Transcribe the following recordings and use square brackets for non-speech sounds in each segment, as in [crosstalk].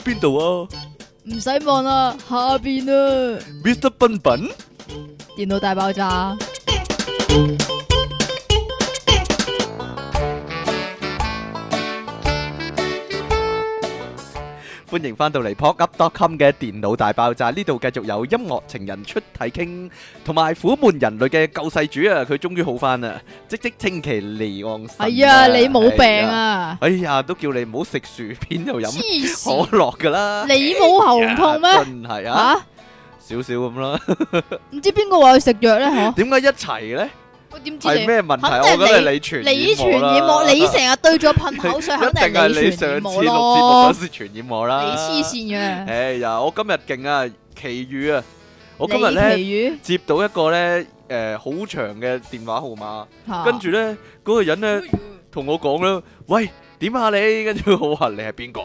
邊度啊？唔使望啦，下邊啊，Mr. 笨笨，電腦大爆炸。 [music] 歡迎翻到嚟 pocket.com 嘅電腦大爆炸，呢度繼續有音樂情人出體 king 同埋苦悶人類嘅救世主啊，佢終於好翻啦，即即積淇離岸神。係啊，你冇病啊？哎呀，都叫你唔好食薯片又飲可樂噶啦，你冇喉嚨痛咩？啊，少少咁啦，唔知邊個話要食藥咧？吓，點解一齊咧？我點知你係咩問題？肯定係你傳，你傳染我，你成日對住我噴口水，肯定係你上次錄節目嗰時傳染我啦。你黐線嘅！哎呀，我今日勁啊，奇遇啊！我今日咧接到一個咧誒好長嘅電話號碼、啊那個，跟住咧嗰個人咧同我講啦，喂，點下、啊、你？跟住我話你係邊個？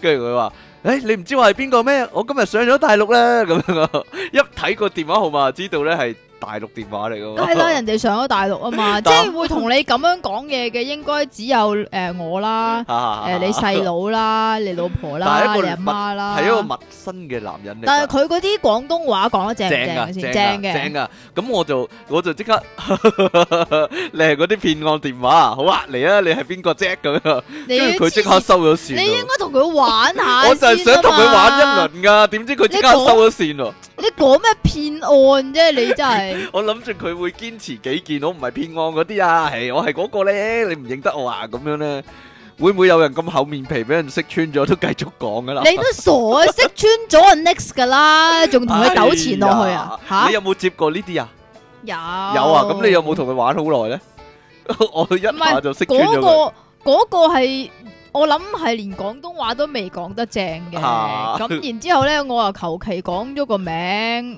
跟住佢話，誒、哎，你唔知我係邊個咩？我今日上咗大陸啦。咁 [laughs] 樣一睇個電話號碼，知道咧係。大陸電話嚟嘅，梗係啦，人哋上咗大陸啊嘛，但即係會同你咁樣講嘢嘅，應該只有誒、呃、我啦，誒、啊呃、你細佬啦，你老婆啦，但一個你阿媽，媽啦，係一個陌生嘅男人嚟。但係佢嗰啲廣東話講得正正正嘅、啊啊，正㗎、啊。咁的、啊啊、我就我就即刻， [laughs] 你係嗰啲騙案電話好啊，嚟啊！你係邊個啫？Jack 咁啊？佢 [laughs] 即刻收咗線。你應該同佢玩下。我就係想同佢玩一輪㗎，點知佢即刻收咗線喎？你講咩騙案啫？你真係～ [laughs] [laughs] 我諗住佢會堅持己見，我唔係騙案嗰啲啊！唉，我係嗰個咧，你唔認得我啊？咁樣咧，會唔會有人咁厚面皮俾人識穿咗都繼續講噶啦？你都傻啊！識穿咗啊，next 噶啦，仲同佢糾纏落去啊？吓！你有冇接過呢啲啊？有有啊！咁你有冇同佢玩好耐咧？我一話就識穿咗佢。嗰個係。我諗係連廣東話都未講得正嘅，咁、啊、然之後呢 [laughs] 我又求其講咗個名，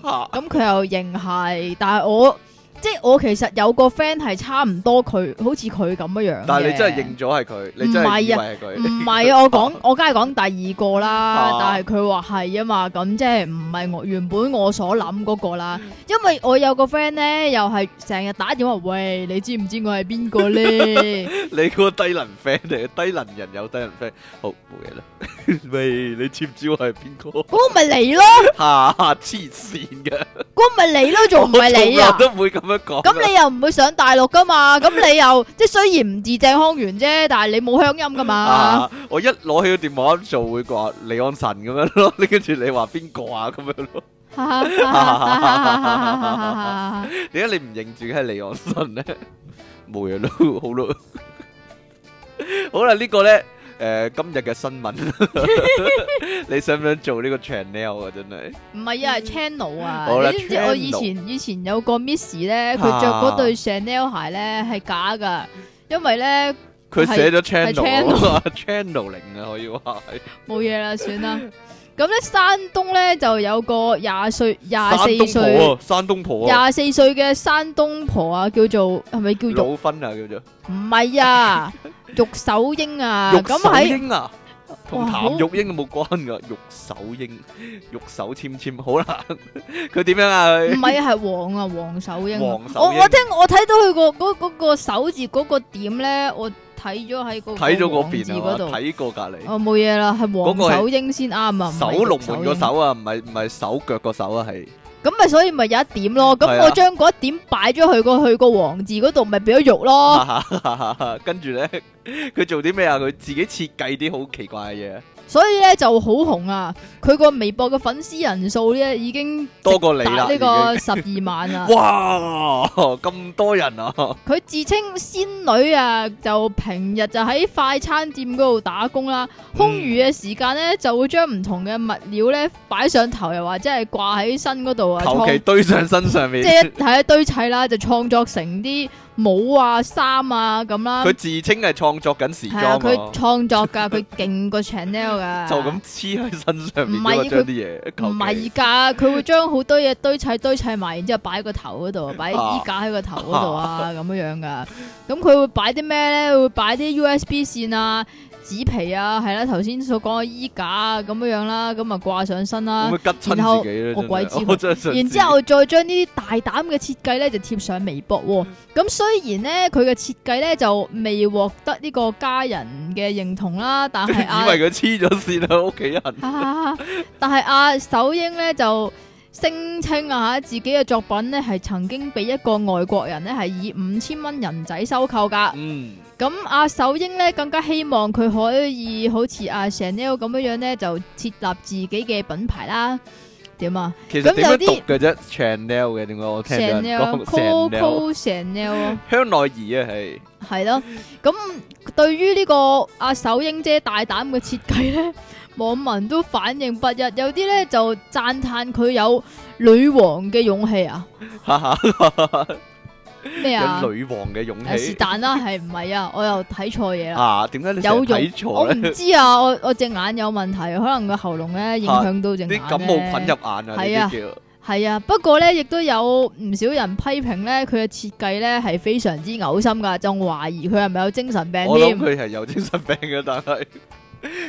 咁佢、啊、又認係，但係我。即係我其實有個 friend 係差唔多佢，好似佢咁樣樣嘅。但係你真係認咗係佢，你真係認為係佢。唔係啊，佢係佢啊，我講說、啊、我梗係講第二個啦。啊、但係佢話係啊嘛，咁即係唔係我原本我所諗嗰個啦。因為我有個 friend 咧，又係成日打電話喂，你知唔知我係邊個咧？ [laughs] 你個低能 friend 嚟，低能人有低能 friend。好冇嘢啦， [laughs] 喂，你知唔知我係邊個？我咪你咯，下黐線嘅。我咪你咯，仲唔係你啊？人都唔會咁樣講。咁你又唔會上大陸噶嘛？咁你又即係雖然唔字正腔圓啫，但係你冇鄉音噶嘛？我一攞起個電話就會話李安神咁樣咯，你跟住你話邊個啊咁樣咯。點解你唔認住係李安神咧？冇嘢咯，好咯，好啦，呢個咧。誒，今日嘅新聞，你想唔想做呢個 channel 啊？真係唔係啊，channel 啊！你知唔知我以前以前有個 miss 咧，佢着嗰對 channel 鞋咧係假噶，因為咧佢寫咗 channel 啊，channel 零啊，可以話係冇嘢啦，算啦。咁咧，山東咧就有個廿歲廿四歲啊，山東婆廿四歲嘅山東婆啊，叫做係咪叫玉芬啊？叫做唔係啊。玉手英啊，咁喺英啊，同譚玉英冇關噶，玉手英，玉手纖纖，好啦，佢點樣啊？佢，唔係係王啊，王手英，王手英，我我聽我睇到佢個嗰嗰個手字嗰個點咧，我睇咗喺個睇咗嗰邊啊，睇過隔籬，哦冇嘢啦，係王手英先啱啊，守龍門個手啊，唔係唔係手腳個手啊，係。咁咪所以咪有一點咯，咁我將嗰一點擺咗去個去個王字嗰度，咪變咗玉咯。跟住咧，佢做啲咩啊？佢自己設計啲好奇怪嘅嘢。所以咧就好紅啊！佢個微博嘅粉絲人數咧已經多過你啦，呢個十二萬啊！ [laughs] 哇，咁多人啊！佢自稱仙女啊，就平日就喺快餐店嗰度打工啦。空餘嘅時間咧，就會將唔同嘅物料咧擺上頭，又或者係掛喺身嗰度啊，求其堆上身上面。即係一睇一堆砌啦，就創作成啲。帽啊，衫啊咁啦。佢自稱係創作緊時裝，啊，佢、啊、創作噶，佢勁過 [laughs] Chanel 噶。 [laughs] 就咁黐喺身上，唔係佢將啲嘢，唔係㗎，佢它便會將好多嘢堆砌、堆砌埋，然之後擺喺個頭嗰度，擺喺衣架喺個頭嗰度啊，咁、啊、樣樣噶。咁佢、啊 [laughs] 嗯、會擺啲咩咧？會擺啲 USB 線啊。紙皮啊，係啦，頭先所講嘅衣架咁、啊、樣樣啦，咁啊掛上身啦，會會然後我鬼知，知然之後再將呢啲大膽嘅設計咧就貼上微博、哦。咁、 [laughs] 嗯、雖然呢，佢嘅設計咧就未獲得呢個家人嘅認同啦，但係因、啊、 [laughs] 為佢黐咗線喺屋企人、 [laughs] 啊，但係阿首英呢就聲稱啊，啊自己嘅作品呢係曾經被一個外國人呢係以五千蚊人仔收購噶。嗯。咁阿首英咧更加希望佢可以好似阿、啊、Chanel 咁樣樣咧，就設立自己嘅品牌啦。點啊？咁、嗯、有啲嘅啫，Chanel 嘅點解我聽成 Coco Chanel 香奈兒啊係係咯。咁對於呢個阿、啊、首英姐大膽嘅設計咧，網民都反應不一，有啲咧就讚嘆佢有女王嘅勇氣啊！哈哈。咩啊？女王嘅勇氣是但啦，係唔係啊？我又睇錯嘢啦。啊，點解你有睇錯咧？我唔知啊，我我隻眼有問題，可能個喉嚨咧影響到隻眼。啲、啊、感冒菌入眼啊！係啊，係啊，啊。不過咧，亦都有唔少人批評咧，佢嘅設計咧係非常之嘔心噶，就懷疑佢係咪有精神病添？我諗佢係有精神病嘅，但係。 [laughs]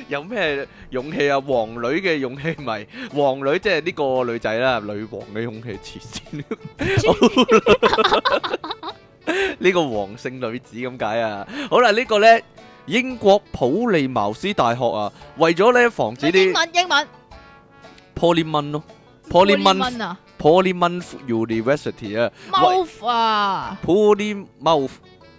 有咩勇氣啊？王女嘅勇氣咪王女，即係呢個女仔啦，女王嘅勇氣痴線，呢個王姓女子咁解啊？好啦，呢個咧英國普利茅斯大學啊，為咗咧防止啲英文英文 polyman 咯，polyman 啊，polyman university 啊，mouth 啊，poly mouth。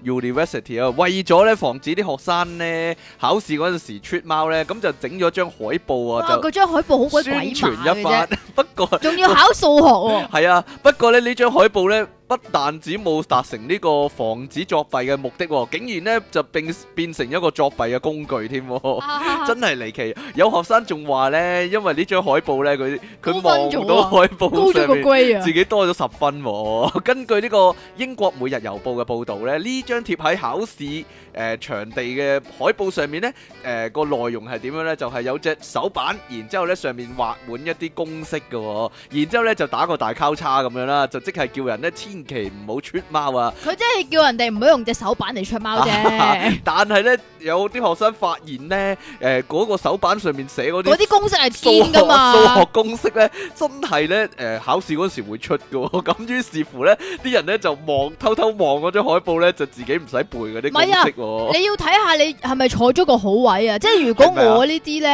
University 啊，為咗咧防止啲學生咧考試嗰陣時出貓咧，咁就整咗張海報啊！哇，佢張海報好鬼鬼馬嘅啫， [laughs] 不過仲要考數學喎、哦。係 [laughs] 啊，不過咧呢張海報咧。不但只冇達成呢個防止作弊嘅目的，哦，竟然呢就並變，變成一個作弊嘅工具添，哦，啊、真係離奇。有學生仲話呢，因為呢張海報呢，佢佢望到海報上面自己多咗十分，哦。根據呢個英國每日郵報嘅報道呢，呢張貼喺考試誒、呃、場地嘅海報上面呢誒、呃、個內容係點樣呢？就係、是、有隻手板，然之後呢上面畫滿一啲公式嘅喎、哦，然之後呢就打個大交叉咁樣啦，就即係叫人呢千祈唔好出貓啊！佢即係叫人哋唔好用隻手板嚟出貓啫、啊。但係呢，有啲學生發現呢誒嗰、呃那個手板上面寫嗰啲，啲公式係天㗎嘛數？數學公式呢真係呢，誒、呃、考試嗰時會出嘅喎、哦，咁於是乎呢啲人呢，就望偷偷望嗰張海報呢，就自己唔使背嗰啲公式、啊。你要睇下你係咪坐咗個好位啊？即係如果我呢啲呢，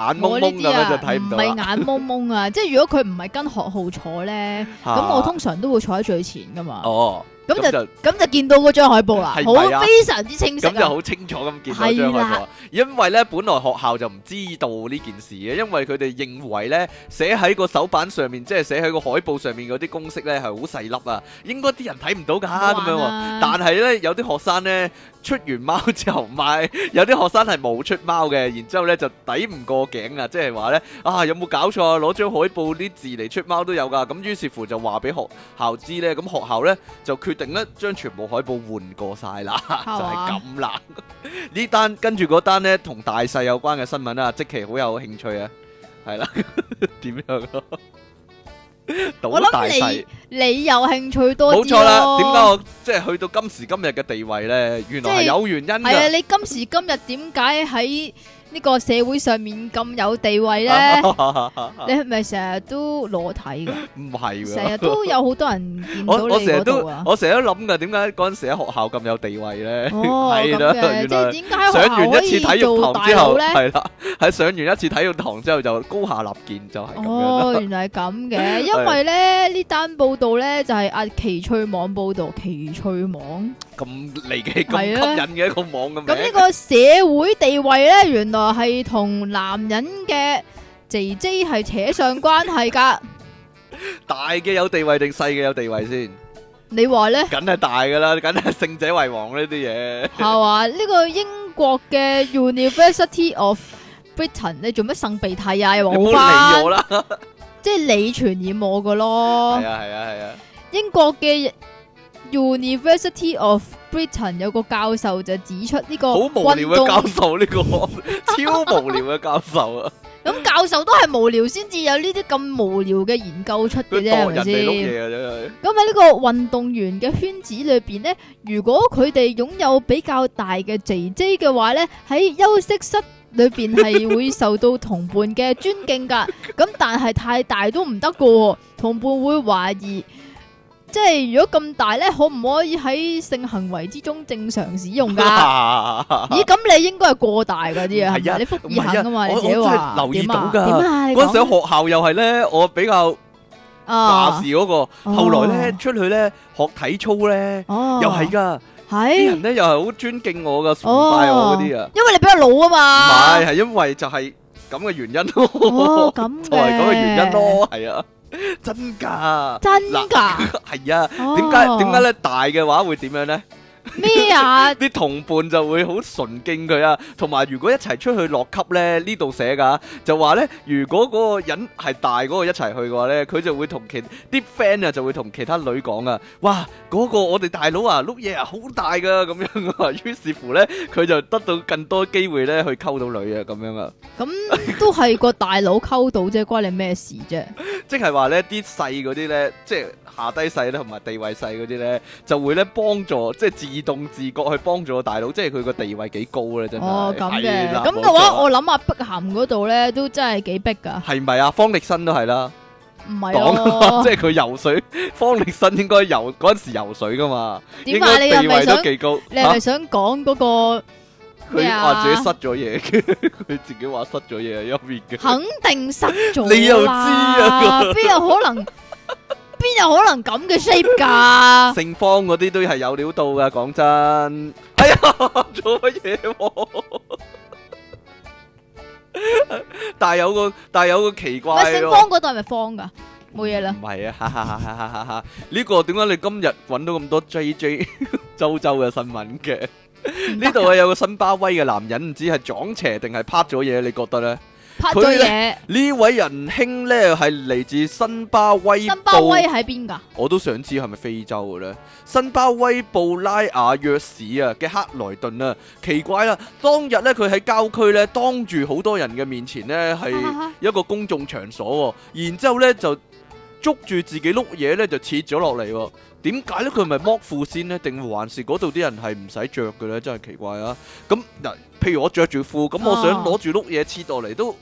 眼蒙蒙啊，睇唔到？唔係眼蒙蒙啊，即係如果佢唔係跟學號坐呢，咁我通常都會坐喺最前噶嘛。哦，咁就咁就見到嗰張海報啦，好非常之清晰。咁就好清楚咁見到張海報，因為呢，本來學校就唔知道呢件事嘅，因為佢哋認為呢，寫喺個手板上面，即係寫喺個海報上面嗰啲公式呢，係好細粒啊，應該啲人睇唔到噶咁樣。但係呢，有啲學生呢。出完貓之後賣，有啲學生係冇出貓嘅，然之後呢就抵唔過頸啊！即係話呢，啊，有冇搞錯？攞張海報啲字嚟出貓都有噶、啊，咁於是乎就話俾學校知呢。咁學校呢，學校呢就決定咧將全部海報換過晒、啊、 [laughs] 啦，就係咁啦。單呢單跟住嗰單咧同大細有關嘅新聞啊，積淇好有興趣啊，係 [laughs] 啦、啊，點樣咯？ [laughs] 小我諗你你有興趣多啲。冇錯啦，點解我即係去到今時今日嘅地位咧？原來係有原因嘅。係啊，你今時今日點解喺？ [laughs] 呢個社會上面咁有地位咧？你係咪成日都裸體嘅？唔係，成日都有好多人見到你。我成日都，我成日都諗嘅，點解嗰陣時喺學校咁有地位咧？哦，係啦，就係點解上完一次體育堂之後，係啦，係上完一次體育堂之後就高下立見，就係哦，原嚟係咁嘅，因為咧呢單報道咧就係阿奇趣網報道，奇趣網咁嚟嘅，咁吸引嘅一個網咁。咁呢個社會地位咧，原來。係同男人嘅姐姐係扯上關係噶， [laughs] 大嘅有地位定細嘅有地位先？你話咧？梗係大噶啦，梗係勝者為王呢啲嘢。係話，呢個英國嘅 University of Britain，你做乜擤鼻涕啊？又話搬嚟我啦， [laughs] 即係你傳染我噶咯。係啊係啊係啊！啊啊啊英國嘅 University of Britain 有個教授就指出，呢個好無聊嘅教授，呢個動 [laughs] 超無聊嘅教授啊！咁教授都係無聊先至有呢啲咁無聊嘅研究出嘅啫，係咪先？咁喺呢個運動員嘅圈子裏邊呢，如果佢哋擁有比較大嘅 JJ 嘅話呢，喺休息室裏邊係會受到同伴嘅尊敬噶。咁 [laughs] 但係太大都唔得個，同伴會懷疑。即係如果咁大咧，可唔可以喺性行為之中正常使用噶？咦，咁你應該係過大嗰啲啊？係咪？你福人啊嘛？你話點啊？嗰陣時喺學校又係咧，我比較霸事嗰個，後來咧出去咧學體操咧，又係噶，啲人咧又係好尊敬我噶，崇拜我嗰啲啊。因為你比較老啊嘛，唔係，係因為就係咁嘅原因咯。哦，咁咧，就係咁嘅原因咯，係啊。真噶，真噶，係啊，點解？點解咧？Oh. 大嘅話會點樣咧？咩啊？啲 [laughs] 同伴就會好尊敬佢啊，同埋如果一齊出去落級咧，呢度寫噶，就話咧，如果嗰個人係大嗰個一齊去嘅話咧，佢就會同其啲 friend 啊就會同其他女講啊，哇，嗰、嗰個我哋大佬啊碌嘢啊好大噶咁、啊、樣啊，於是乎咧佢就得到更多機會咧去溝到女啊咁樣啊，咁都係個大佬溝到啫， [laughs] 關你咩事啫？即係話咧啲細嗰啲咧，即係下低細啦，同埋地位細嗰啲咧，就會咧幫助即係自。自動自覺去幫助個大佬，即係佢個地位幾高咧，真係。哦，咁嘅。咁嘅話，我諗阿碧咸嗰度咧，都真係幾逼噶。係咪啊？方力申都係啦。唔係咯，即係佢游水，方力申應該游嗰陣時游水噶嘛。點解你又咪想？你係咪想講嗰個？佢話自己失咗嘢嘅，佢自己話失咗嘢喺入面嘅。肯定失咗。你又知啊？邊有可能？邊有可能咁嘅 shape 噶？ [laughs] 姓方嗰啲都係有料到噶，講真。哎呀，做咗嘢？但係有個但係有個奇怪。咪姓方嗰度咪方噶？冇嘢啦。唔係 [laughs] 啊！呢、 [laughs] [laughs] 呢個點解你今日搵到咁多 J J [laughs] 周周嘅新聞嘅？呢度係有個辛巴威嘅男人，唔知係撞邪定係啪咗嘢？你覺得咧？拍咗嘢，呢位仁兄呢係嚟自新巴威，新巴威是是。新巴威喺邊噶？我都想知係咪非洲嘅咧。新巴威布拉雅約市啊嘅克萊頓啊，奇怪啦，啊！當日呢，佢喺郊區呢，當住好多人嘅面前呢，係一個公眾場所，啊， [laughs] 然之後咧就捉住自己碌嘢咧就切咗落嚟喎，點解咧佢係咪剝褲先呢？定還是嗰度啲人係唔使着嘅咧？真係奇怪啊！咁嗱，譬如我着住褲，咁我想攞住碌嘢切落嚟都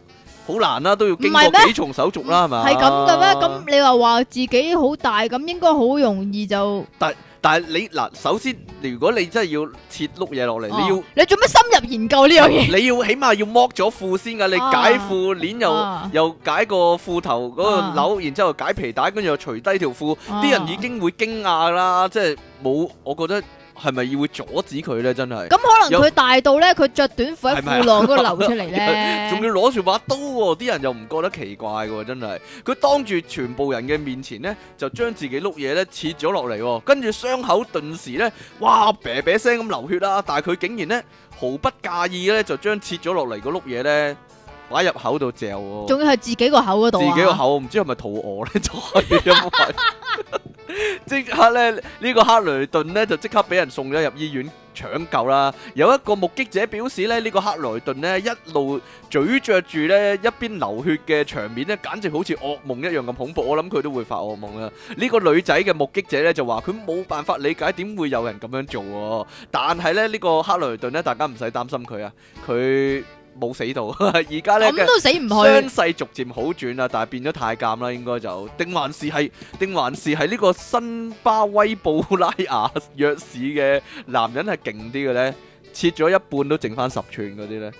好難啦，都要經過幾重手續啦，係嘛？係咁嘅咩？咁、啊、你又話自己好大，咁應該好容易就？但但係你嗱，首先如果你真係要切碌嘢落嚟，啊、你要你做咩深入研究呢樣嘢？你要起碼要剝咗褲先噶，你解褲鏈、啊、又、啊、又解褲個褲頭嗰個鈕，然之後解皮帶，跟住又除低條褲，啲、啊啊、人已經會驚訝啦，即係冇，我覺得。係咪要會阻止佢呢？真係咁可能佢大到呢，佢着有短褲喺褲內嗰度流出嚟呢？仲 [laughs] 要攞住把刀喎、哦，啲人又唔覺得奇怪嘅、哦、喎，真係佢當住全部人嘅面前呢，就將自己碌嘢呢切咗落嚟，跟住傷口頓時呢，哇啤啤聲咁流血啦、啊，但係佢竟然呢，毫不介意呢，就將切咗落嚟個碌嘢呢。喺入口度嚼喎，仲要係自己個口嗰度啊！自己個口唔知係咪肚餓咧，就係因為。即刻咧，呢個克雷頓咧就即刻俾人送咗入醫院搶救啦。有一個目擊者表示咧，呢個克雷頓咧一路咀嚼住咧，一邊流血嘅場面咧，簡直好似噩夢一樣咁恐怖。我諗佢都會發噩夢啦。呢個女仔嘅目擊者咧就話佢冇辦法理解點會有人咁樣做，但係咧呢個克雷頓咧，大家唔使擔心佢啊，佢。冇死到，而家咧咁都死唔去，傷勢逐漸好轉啦，啊，但係變咗太監啦，應該就定還是係定還是係呢個新巴威布拉雅弱士嘅男人係勁啲嘅呢，切咗一半都剩翻十寸嗰啲呢。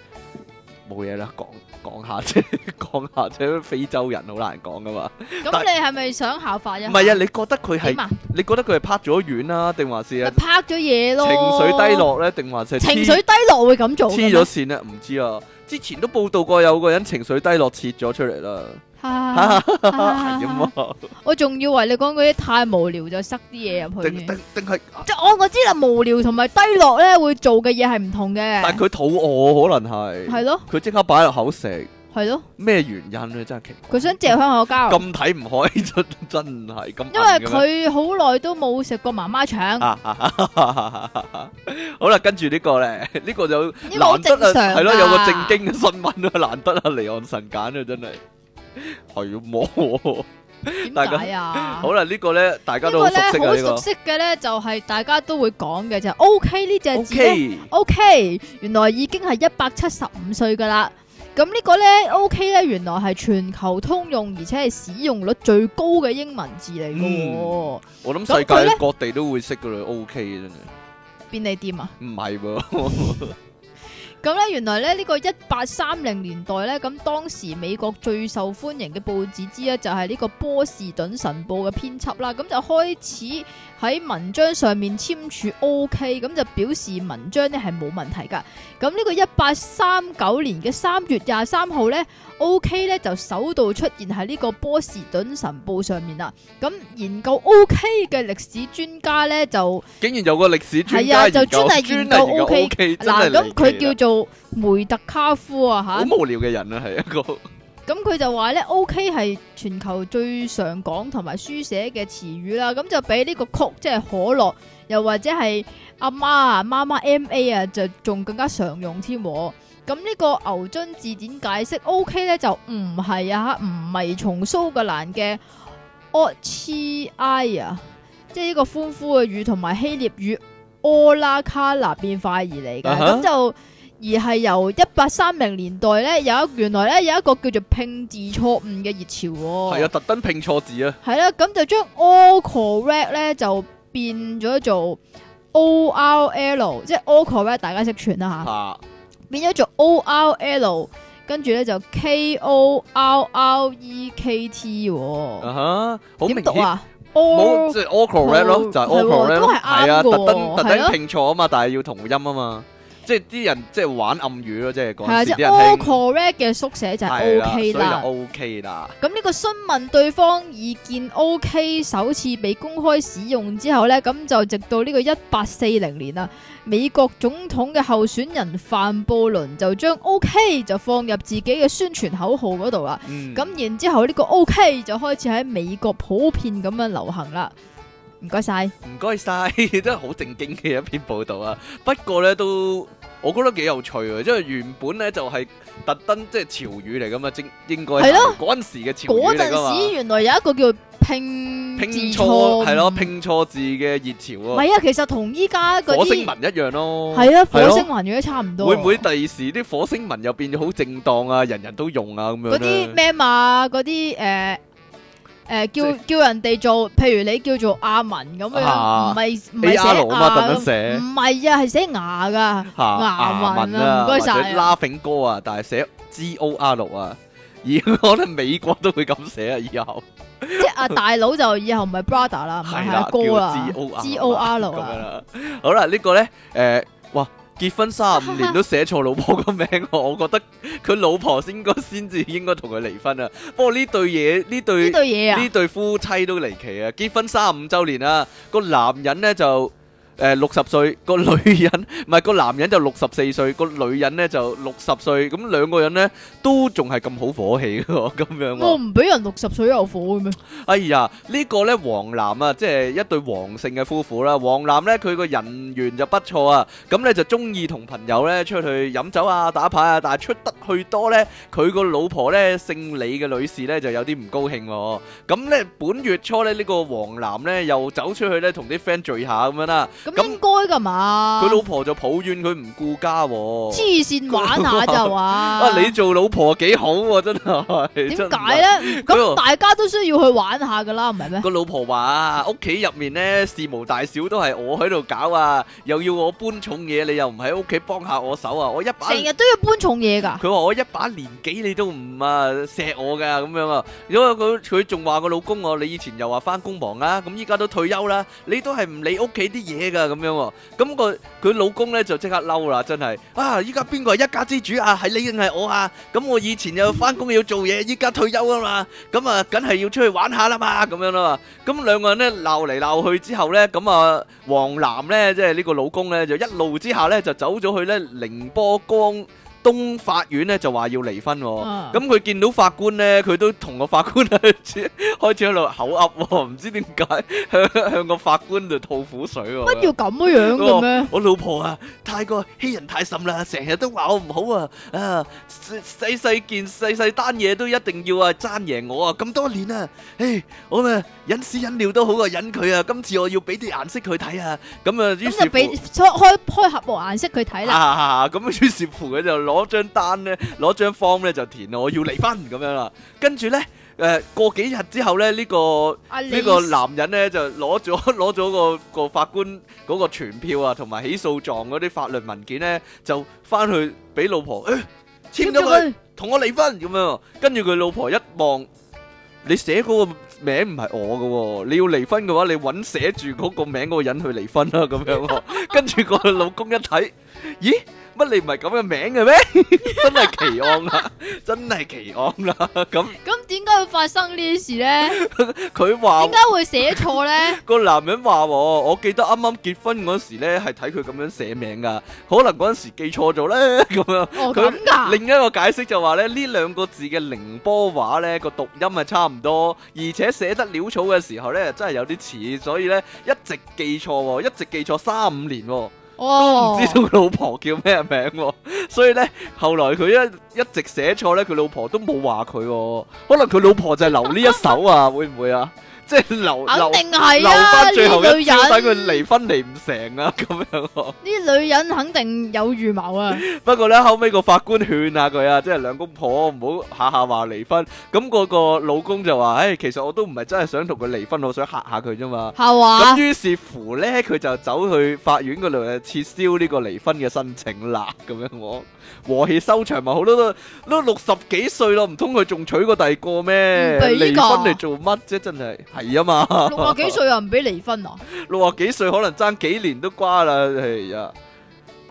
冇嘢啦，講講下啫，講下啫，非洲人好難講噶嘛。咁你係咪想效法啫？唔係啊，你覺得佢係、啊、你覺得佢係拍咗遠啦，定還是拍咗嘢咯？情緒低落咧，定還是，是情緒低落會咁做？黐咗線咧，唔知啊。之前都報道過有個人情緒低落切咗出嚟啦，係啊，我仲以為你講嗰啲太無聊就塞啲嘢入去，定定定係、啊、我我知啦，無聊同埋低落咧會做嘅嘢係唔同嘅，但佢肚餓可能係係咯，佢即刻擺入口食。係對咯，咩原因咧？真係奇。佢想借香口膠。咁睇唔開 [laughs] 真真係咁。因為佢好耐都冇食過媽媽腸。好啦，跟住呢個咧，呢 [laughs] 個就難得係、啊、咯，有個正經嘅新聞都、啊、難得啊，離岸神簡啊，真係係啊，冇。 [laughs] [laughs] [laughs] 點解啊？好啦，這個、呢個咧，大家都好熟悉嘅、啊、咧，就係、是、大家都會講嘅就 OK 呢隻字 okay. OK，原來已經係一百七十五歲噶啦。咁呢個呢 OK 呢原來係全球通用，而且係使用率最高嘅英文字嚟嘅、嗯。我諗世界各地都會識噶啦，OK 嘅真係。便利店啊？唔係喎。咁 [laughs] [laughs] 呢，原來呢，呢、這個一八三零年代呢，咁當時美國最受歡迎嘅報紙之一就係呢、這個波士頓神報嘅編輯啦，咁就開始。喺文章上面簽署 O K，咁就表示文章咧係冇問題噶。咁呢個一八三九年嘅三月廿三號呢 O K 咧就首度出現喺呢個波士頓神報上面啦。咁研究 O K 嘅歷史專家呢，就竟然有個歷史專家研究 O K，嗱，咁佢、啊、叫做梅特卡夫啊嚇。好無聊嘅人啊，係一個。 [laughs] 咁佢就話咧，O.K. 係全球最常講同埋書寫嘅詞語啦，咁就比呢個曲即係可樂，又或者係阿媽啊、媽媽 M.A. 啊，就仲更加常用添。咁呢個牛津字典解釋 O.K. 咧就唔係啊，唔係從蘇格蘭嘅 O.C.I. 啊，ai, 即係呢個歡呼嘅語同埋希臘語 Ola 卡拉變化而嚟嘅，咁、uh huh. 就。而係由一八三零年代咧，有一原來咧有一個叫做拼字錯誤嘅熱潮喎。係啊，特登拼錯字啊。係啦，咁就將 all correct 咧就變咗做 O R L，即係 all correct 大家識串啦吓，的變咗做 O R L，跟住咧就 K O R L E K T、uh。啊、huh, 哈，好明啊？即係 all correct 咯，就係、是、all correct 咯、哦。係啊，特登特登拼錯啊嘛，的但係要同音啊嘛。即係啲人即係玩暗語咯，即係嗰陣係啊，即係 all correct 嘅縮寫就 OK 啦，OK 啦。咁呢個詢問對方意見 OK，首次被公開使用之後咧，咁就直到呢個一八四零年啦。美國總統嘅候選人范布倫就將 OK 就放入自己嘅宣傳口號嗰度啦。咁、嗯、然之後呢個 OK 就開始喺美國普遍咁樣流行啦。唔該晒，唔該晒，真係好正經嘅一篇報道啊！不過咧都，我覺得幾有趣啊，因為原本咧就係、是、特登即係潮語嚟噶嘛，正應該係咯。嗰陣時嘅潮語，嗰陣時原來有一個叫拼拼錯係咯，拼錯字嘅熱潮。啊。係啊，其實同依家火星文一樣咯。係啊，火星文都差唔多。會唔會第時啲火星文又變咗好正當啊？人人都用啊咁樣？嗰啲咩碼？嗰啲誒。誒，叫叫人哋做，譬如你叫做阿文咁樣，唔係唔係寫牙，唔係啊，係寫牙噶，牙文啊，唔該晒。或者 Laughing 哥啊，但係寫 G O R 啊，而我覺得美國都會咁寫啊，以後。即係阿大佬就以後唔係 Brother 啦，唔係阿哥啊。G O R 啊。好啦，呢個咧誒，哇！.結婚三十五年都寫錯老婆個名。我我覺得佢老婆先應該先至應該同佢離婚啊！不過呢對嘢呢對呢對嘢啊，呢對夫妻都離奇啊！結婚三十五周年啊，個男人呢就。誒，六十歲個女人唔係，個男人就六十四歲，個女人呢，就六十歲，咁兩個人呢，都仲係咁好火氣嘅，咁樣喎。我唔俾人六十歲有火嘅咩？哎呀，呢個呢，黃男啊，即係一對黃姓嘅夫婦啦。黃男呢，佢個人緣就不錯啊，咁呢，就中意同朋友呢出去飲酒啊、打牌啊。但係出得去多呢，佢個老婆呢，姓李嘅女士呢，就有啲唔高興。咁呢，本月初呢，呢個黃男呢，又走出去呢，同啲 friend 聚下咁樣啦。咁應該㗎嘛？佢老婆就抱怨佢唔顧家，黐線玩下就話。啊，你做老婆幾好喎，真係。點解咧？咁大家都需要去玩下㗎啦，唔係咩？個老婆話啊，屋企入面咧，事無大小都係我喺度搞啊，又要我搬重嘢，你又唔喺屋企幫下我手啊，我一把成日都要搬重嘢㗎。佢話我一把年紀，你都唔啊錫我㗎咁樣啊。如果佢佢仲話個老公我，你以前又話返工忙啦，咁依家都退休啦，你都係唔理屋企啲嘢，噶咁樣喎，咁個佢老公咧就即刻嬲啦，真係啊！依家邊個係一家之主啊？係你定係我啊？咁我以前又翻工要做嘢，依家退休啊嘛，咁啊，梗係要出去玩下啦嘛，咁樣啦嘛，咁兩個人咧鬧嚟鬧去之後咧，咁啊，黃楠咧即係呢個老公咧就一路之下咧就走咗去咧寧波江。東法院咧就話要離婚，咁佢見到法官咧，佢都同個法官開始喺度口噏，唔知點解向個法官度吐苦水。乜要咁樣嘅咩？我老婆啊，太過欺人太甚啦，成日都話我唔好啊啊，細細件細細單嘢都一定要啊爭贏我啊，咁多年啊，誒，我啊忍屎忍尿都好啊，忍佢啊，今次我要俾啲顏色佢睇啊，咁啊，於是開開開盒部顏色佢睇啦，咁於是乎佢就落。攞張單咧，攞張 form 咧就填，我要離婚咁樣啦。跟住咧，誒，過幾日之後咧，呢個呢個男人咧就攞咗攞咗個個法官嗰個傳票啊，同埋起訴狀嗰啲法律文件咧，就翻去俾老婆誒簽咗佢同我離婚咁樣。跟住佢老婆一望，你寫嗰個名唔係我噶，你要離婚嘅話，你搵寫住嗰個名嗰個人去離婚啦咁樣。跟住個老公一睇，咦？乜你唔係咁嘅名嘅咩？ [laughs] 真係奇案啦， [laughs] 真係奇案啦。咁咁點解會發生呢啲事咧？佢話點解會寫錯咧？ [laughs] 個男人話：我記得啱啱結婚嗰時咧，係睇佢咁樣寫名噶，可能嗰陣時記錯咗咧。咁樣哦，咁噶他。另一個解釋就話咧，呢兩個字嘅寧波話咧個讀音係差唔多，而且寫得潦草嘅時候咧，真係有啲似，所以咧一直記錯，一直記錯三五年。都唔知道佢老婆叫咩名， [laughs] 所以呢，後來佢咧一直寫錯呢，佢老婆都冇話佢，可能佢老婆就係留呢一首啊， [laughs] 會唔會啊？即係留留定，啊、留翻最後嘅人，使佢離婚離唔成啊！咁樣，呢女人肯定有預謀啊。 [laughs] 不過咧後尾個法官勸下佢啊，即係兩公婆唔好下下話離婚。咁嗰個老公就話：誒、哎，其實我都唔係真係想同佢離婚，我想嚇下佢啫嘛。吓話咁於是乎咧，佢就走去法院嗰度撤銷呢個離婚嘅申請啦。咁樣和氣收場咪好咯？都六十幾歲咯，唔通佢仲娶過第二個咩？離婚嚟做乜啫？真係。係啊嘛，六啊幾歲又唔俾離婚啊？六啊幾歲可能爭幾年都瓜啦，係啊，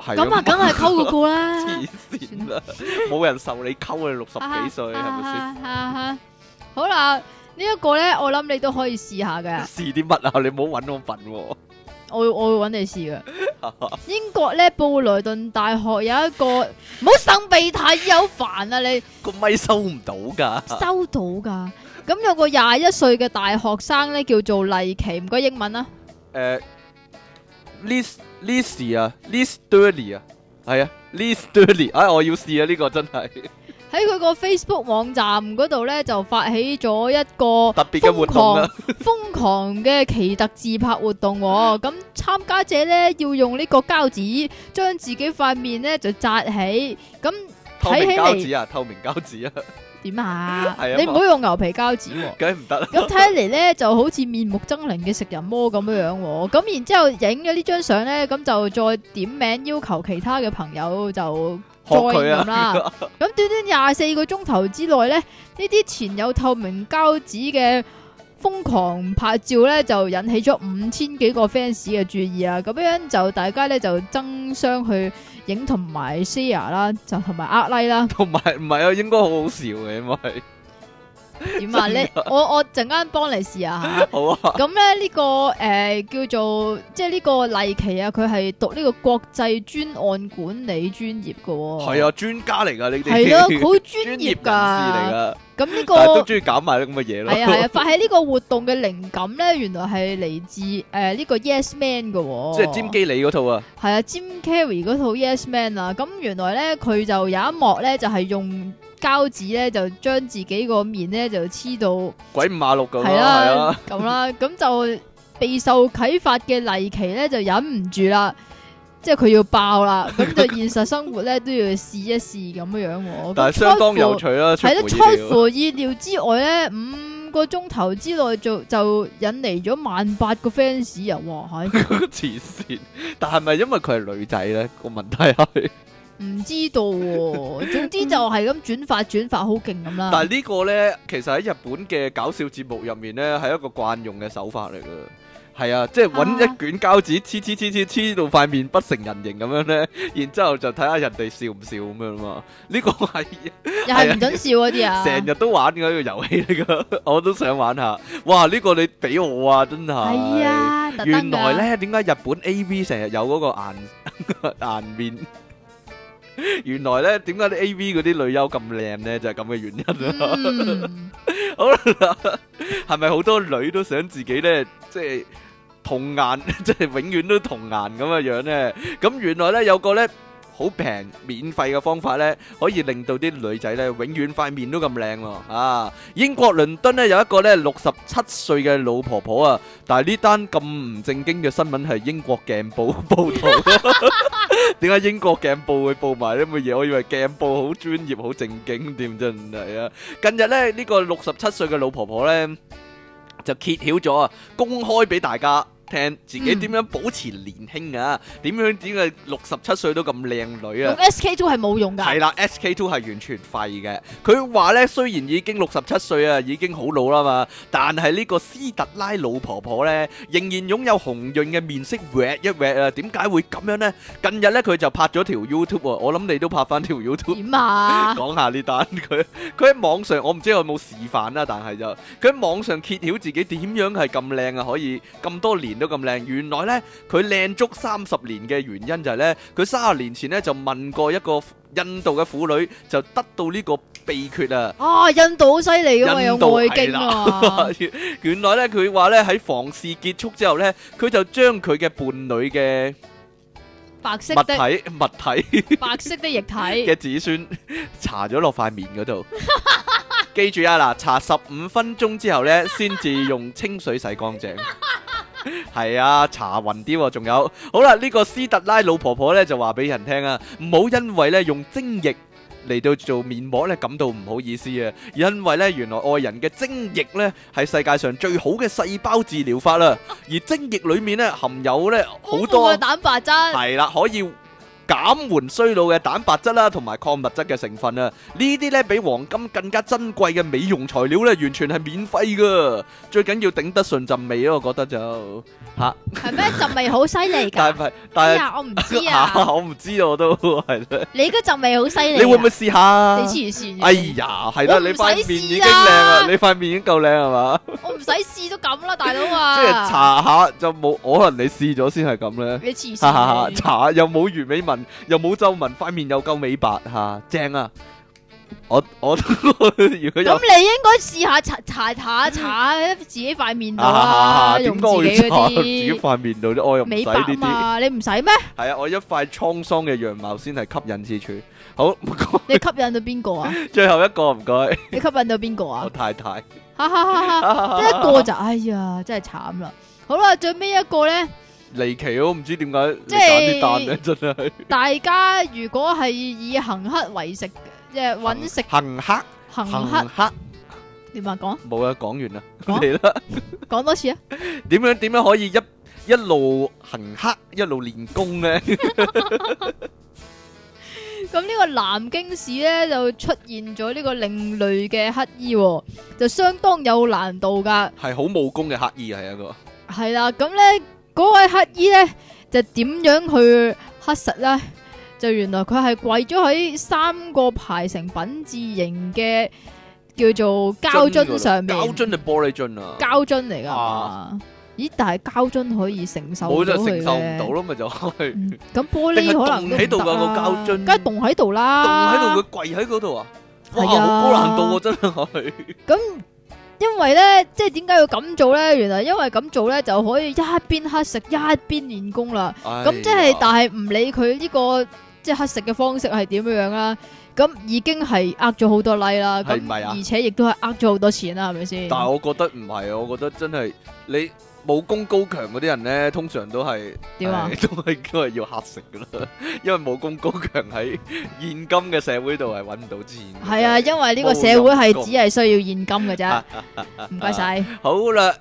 係咁啊，梗係溝嗰個啦，黐線啦，冇人受你溝啊，六十幾歲係咪先？好啦，呢一個咧，我諗你都可以試下噶，試啲乜啊？你唔好搵我笨，我我會搵你試噶。英國咧，布萊頓大學有一個，唔好擤鼻涕，又煩啊！你個咪收唔到噶，收到噶。咁有個廿一歲嘅大學生咧，叫做麗奇，唔該英文啦。誒，Lisa，Lisa 啊，Lisa Dolly 啊，係啊，Lisa Dolly，啊我要試啊，呢個真係喺佢個 [laughs] Facebook 網站嗰度咧，就發起咗一個 [music] 特別嘅活動，啊，瘋 [music] 狂嘅奇特自拍活動，啊。咁、嗯、參、 [laughs] 嗯、加者咧要用呢個膠紙將自己塊面咧就紮起。咁、嗯、睇起膠紙啊，透明膠紙啊。點下，啊、 [laughs] 你唔好用牛皮膠紙、啊，梗唔得啦。咁睇嚟，呢就好似面目猙獰嘅食人魔咁樣樣、啊。咁然之後影咗呢張相呢，咁就再點名要求其他嘅朋友就再用啦。咁學他、啊、 [laughs] 短短廿四個鐘頭之內呢，呢啲全有透明膠紙嘅。瘋狂拍照咧就引起咗五千幾個 fans 嘅注意啊！咁樣就大家咧就爭相去影同埋 share 啦，就同埋呃 like 啦。同埋唔係啊，應該好好笑嘅，因為。點啊？的你我我陣間幫你試下吓。 [laughs] 好啊。咁咧呢個誒、呃、叫做即係呢個黎奇啊，佢係讀呢個國際專案管理專業噶、哦。係啊，專家嚟噶呢啲。係咯，好專、 [laughs] 啊、業噶。咁呢、這個 [laughs] 都中意搞埋啲咁嘅嘢咯。係啊係啊，發起呢個活動嘅靈感咧，原來係嚟自誒呢、呃這個 Yes Man 噶、哦。即係詹基里嗰套啊。係 [laughs] 啊，Jim Carrey 嗰套 Yes Man 啊。咁、嗯、原來咧佢就有一幕咧就係用。膠紙咧就將自己個面咧就黐到鬼五馬六㗎係啦咁啦，咁就備受啟發嘅麗琪咧就忍唔住啦，即係佢要爆啦。咁就現實生活咧 [laughs] 都要試一試咁樣樣、啊。但係相當有趣啊，啦，喺 [laughs] 出乎意料之外咧，五個鐘頭之內就就引嚟咗萬八個 fans 啊！哇，係黐線！但係咪因為佢係女仔咧個問題？ [laughs] 唔知道，哦， [laughs] 總之就係咁轉發轉發，好勁咁啦。但係呢個咧，其實喺日本嘅搞笑節目入面咧，係 [laughs] 一個慣用嘅手法嚟噶。係啊，即係搵一卷膠紙，黐黐黐黐黐到塊面不成人形咁樣咧，然之後就睇下人哋笑唔、這個、笑咁樣嘛。呢個係又係唔准笑嗰啲啊！成日都玩嘅呢個遊戲嚟噶， [laughs] 我都想玩下。哇！呢、這個你俾我啊，真係。係啊，原來咧，點解日本 AV 成日有嗰個顏顏面？ [laughs] 原來咧，點解啲 A.V. 嗰啲女優咁靚咧？就係咁嘅原因咯、 [laughs] mm. [laughs] 好，係咪好多女都想自己咧，即係童顏，即係永遠都童顏咁嘅樣咧？咁原來咧，有個咧。好平免費嘅方法呢，可以令到啲女仔呢永遠塊面都咁靚喎！啊，英國倫敦呢有一個呢六十七歲嘅老婆婆啊，但係呢單咁唔正經嘅新聞係英國鏡報報道。點解英國鏡報會報埋呢？乜嘢？我以為鏡報好專業好正經添，真係啊！近日呢呢個六十七歲嘅老婆婆呢就揭曉咗啊，公開俾大家。聽自己點樣保持年輕啊？點樣點解六十七歲都咁靚女啊！用 SK2 係冇用噶？係啦，SK2 係完全廢嘅。佢話咧，雖然已經六十七歲啊，已經好老啦嘛，但係呢個斯特拉老婆婆咧，仍然擁有紅潤嘅面色，滑一滑啊！點解會咁樣咧？近日咧，佢就拍咗條 YouTube，我諗你都拍翻條 YouTube。點啊？講下呢單佢，佢喺網上，我唔知佢有冇示範啦，但係就佢喺網上揭曉自己點樣係咁靚啊，可以咁多年。都咁靚，原來呢，佢靚足三十年嘅原因就係呢。佢三十年前呢，就問過一個印度嘅婦女，就得到呢個秘訣啊！啊，印度好犀利㗎嘛，度有愛經啊！原來呢，佢話呢，喺房事結束之後呢，佢就將佢嘅伴侶嘅白色物體、物體白色的液體嘅 [laughs] 子孫搽咗落塊面嗰度， [laughs] 記住啊！嗱，搽十五分鐘之後呢，先至用清水洗乾淨。係 [laughs] 啊，查暈啲，仲有好啦。呢個斯特拉老婆婆呢就話俾人聽啊，唔好因為呢用精液嚟到做面膜呢感到唔好意思啊，因為呢，原來愛人嘅精液呢係世界上最好嘅細胞治療法啦，而精液裏面呢含有呢好多蛋白質，係啦 [laughs] [laughs] [laughs] 可以。減緩衰老嘅蛋白質啦，同埋礦物質嘅成分啊，呢啲咧比黃金更加珍貴嘅美容材料咧，完全係免費噶。最緊要頂得順陣味啊，我覺得就吓係咩？陣味好犀利噶？但係但係我唔知啊，我唔知啊，我都係你嘅陣味好犀利，你會唔會試下？你試唔試？哎呀，係啦，你塊面已經靚啊，你塊面已經夠靚係嘛？我唔使試都咁啦，大佬啊！即係查下就冇，可能你試咗先係咁咧。你試下查下有冇完美吻。又冇皺紋，塊面又夠美白吓，啊，正啊！我我 [laughs] 如果咁有，你應該試下搽搽下搽自己塊面度啊，啊用自己要自己塊面度啲哦，啊，用美白嘛，你唔使咩？係啊， [laughs] 我一塊滄桑嘅樣貌先係吸引之處。好，你吸引到邊，啊， [laughs] 個到啊個，哎？最後一個唔該，你吸引到邊個啊？我太太，哈哈哈！一個就哎呀，真係慘啦！好啦，最尾一個咧。離奇哦，唔知點解即係大家如果係以行乞為食，即係揾食。行乞行乞，點呀？講冇啊？講完啦，嚟啦，講多次啊？點樣點樣可以一一路行乞一路練功咧？咁呢個南京市咧就出現咗呢個另類嘅乞衣，就相當有難度噶，係好武功嘅乞衣係一個，係啦咁咧。嗰位乞衣咧就點樣去核實咧？就原來佢係跪咗喺三個排成品字形嘅叫做膠樽上面。膠樽定玻璃樽啊。膠樽嚟噶。咦？但係膠樽可以承受到嘅。我就承受唔到咯，咪就係。咁玻璃可能。凍喺度噶個膠樽。梗係凍喺度啦。凍喺度佢跪喺嗰度啊！哇，好高難度啊，真係。咁。因為咧，即係點解要咁做咧？原來因為咁做咧就可以一邊乞食一邊練功啦。咁、哎、呀即係，但係唔理佢呢個即係乞食嘅方式係點樣樣啦。咁已經係呃咗好多 like 啦，係咪啊？而且亦都係呃咗好多錢啦，係咪先？但係我覺得唔係啊，我覺得真係你。武功高強嗰啲人咧，通常都係點啊，都係都係要乞食噶啦，因為武功高強喺現今嘅社會度係揾唔到錢。係啊， [laughs] 因為呢個社會係只係需要現金嘅啫。唔該晒。 [laughs] 好啦，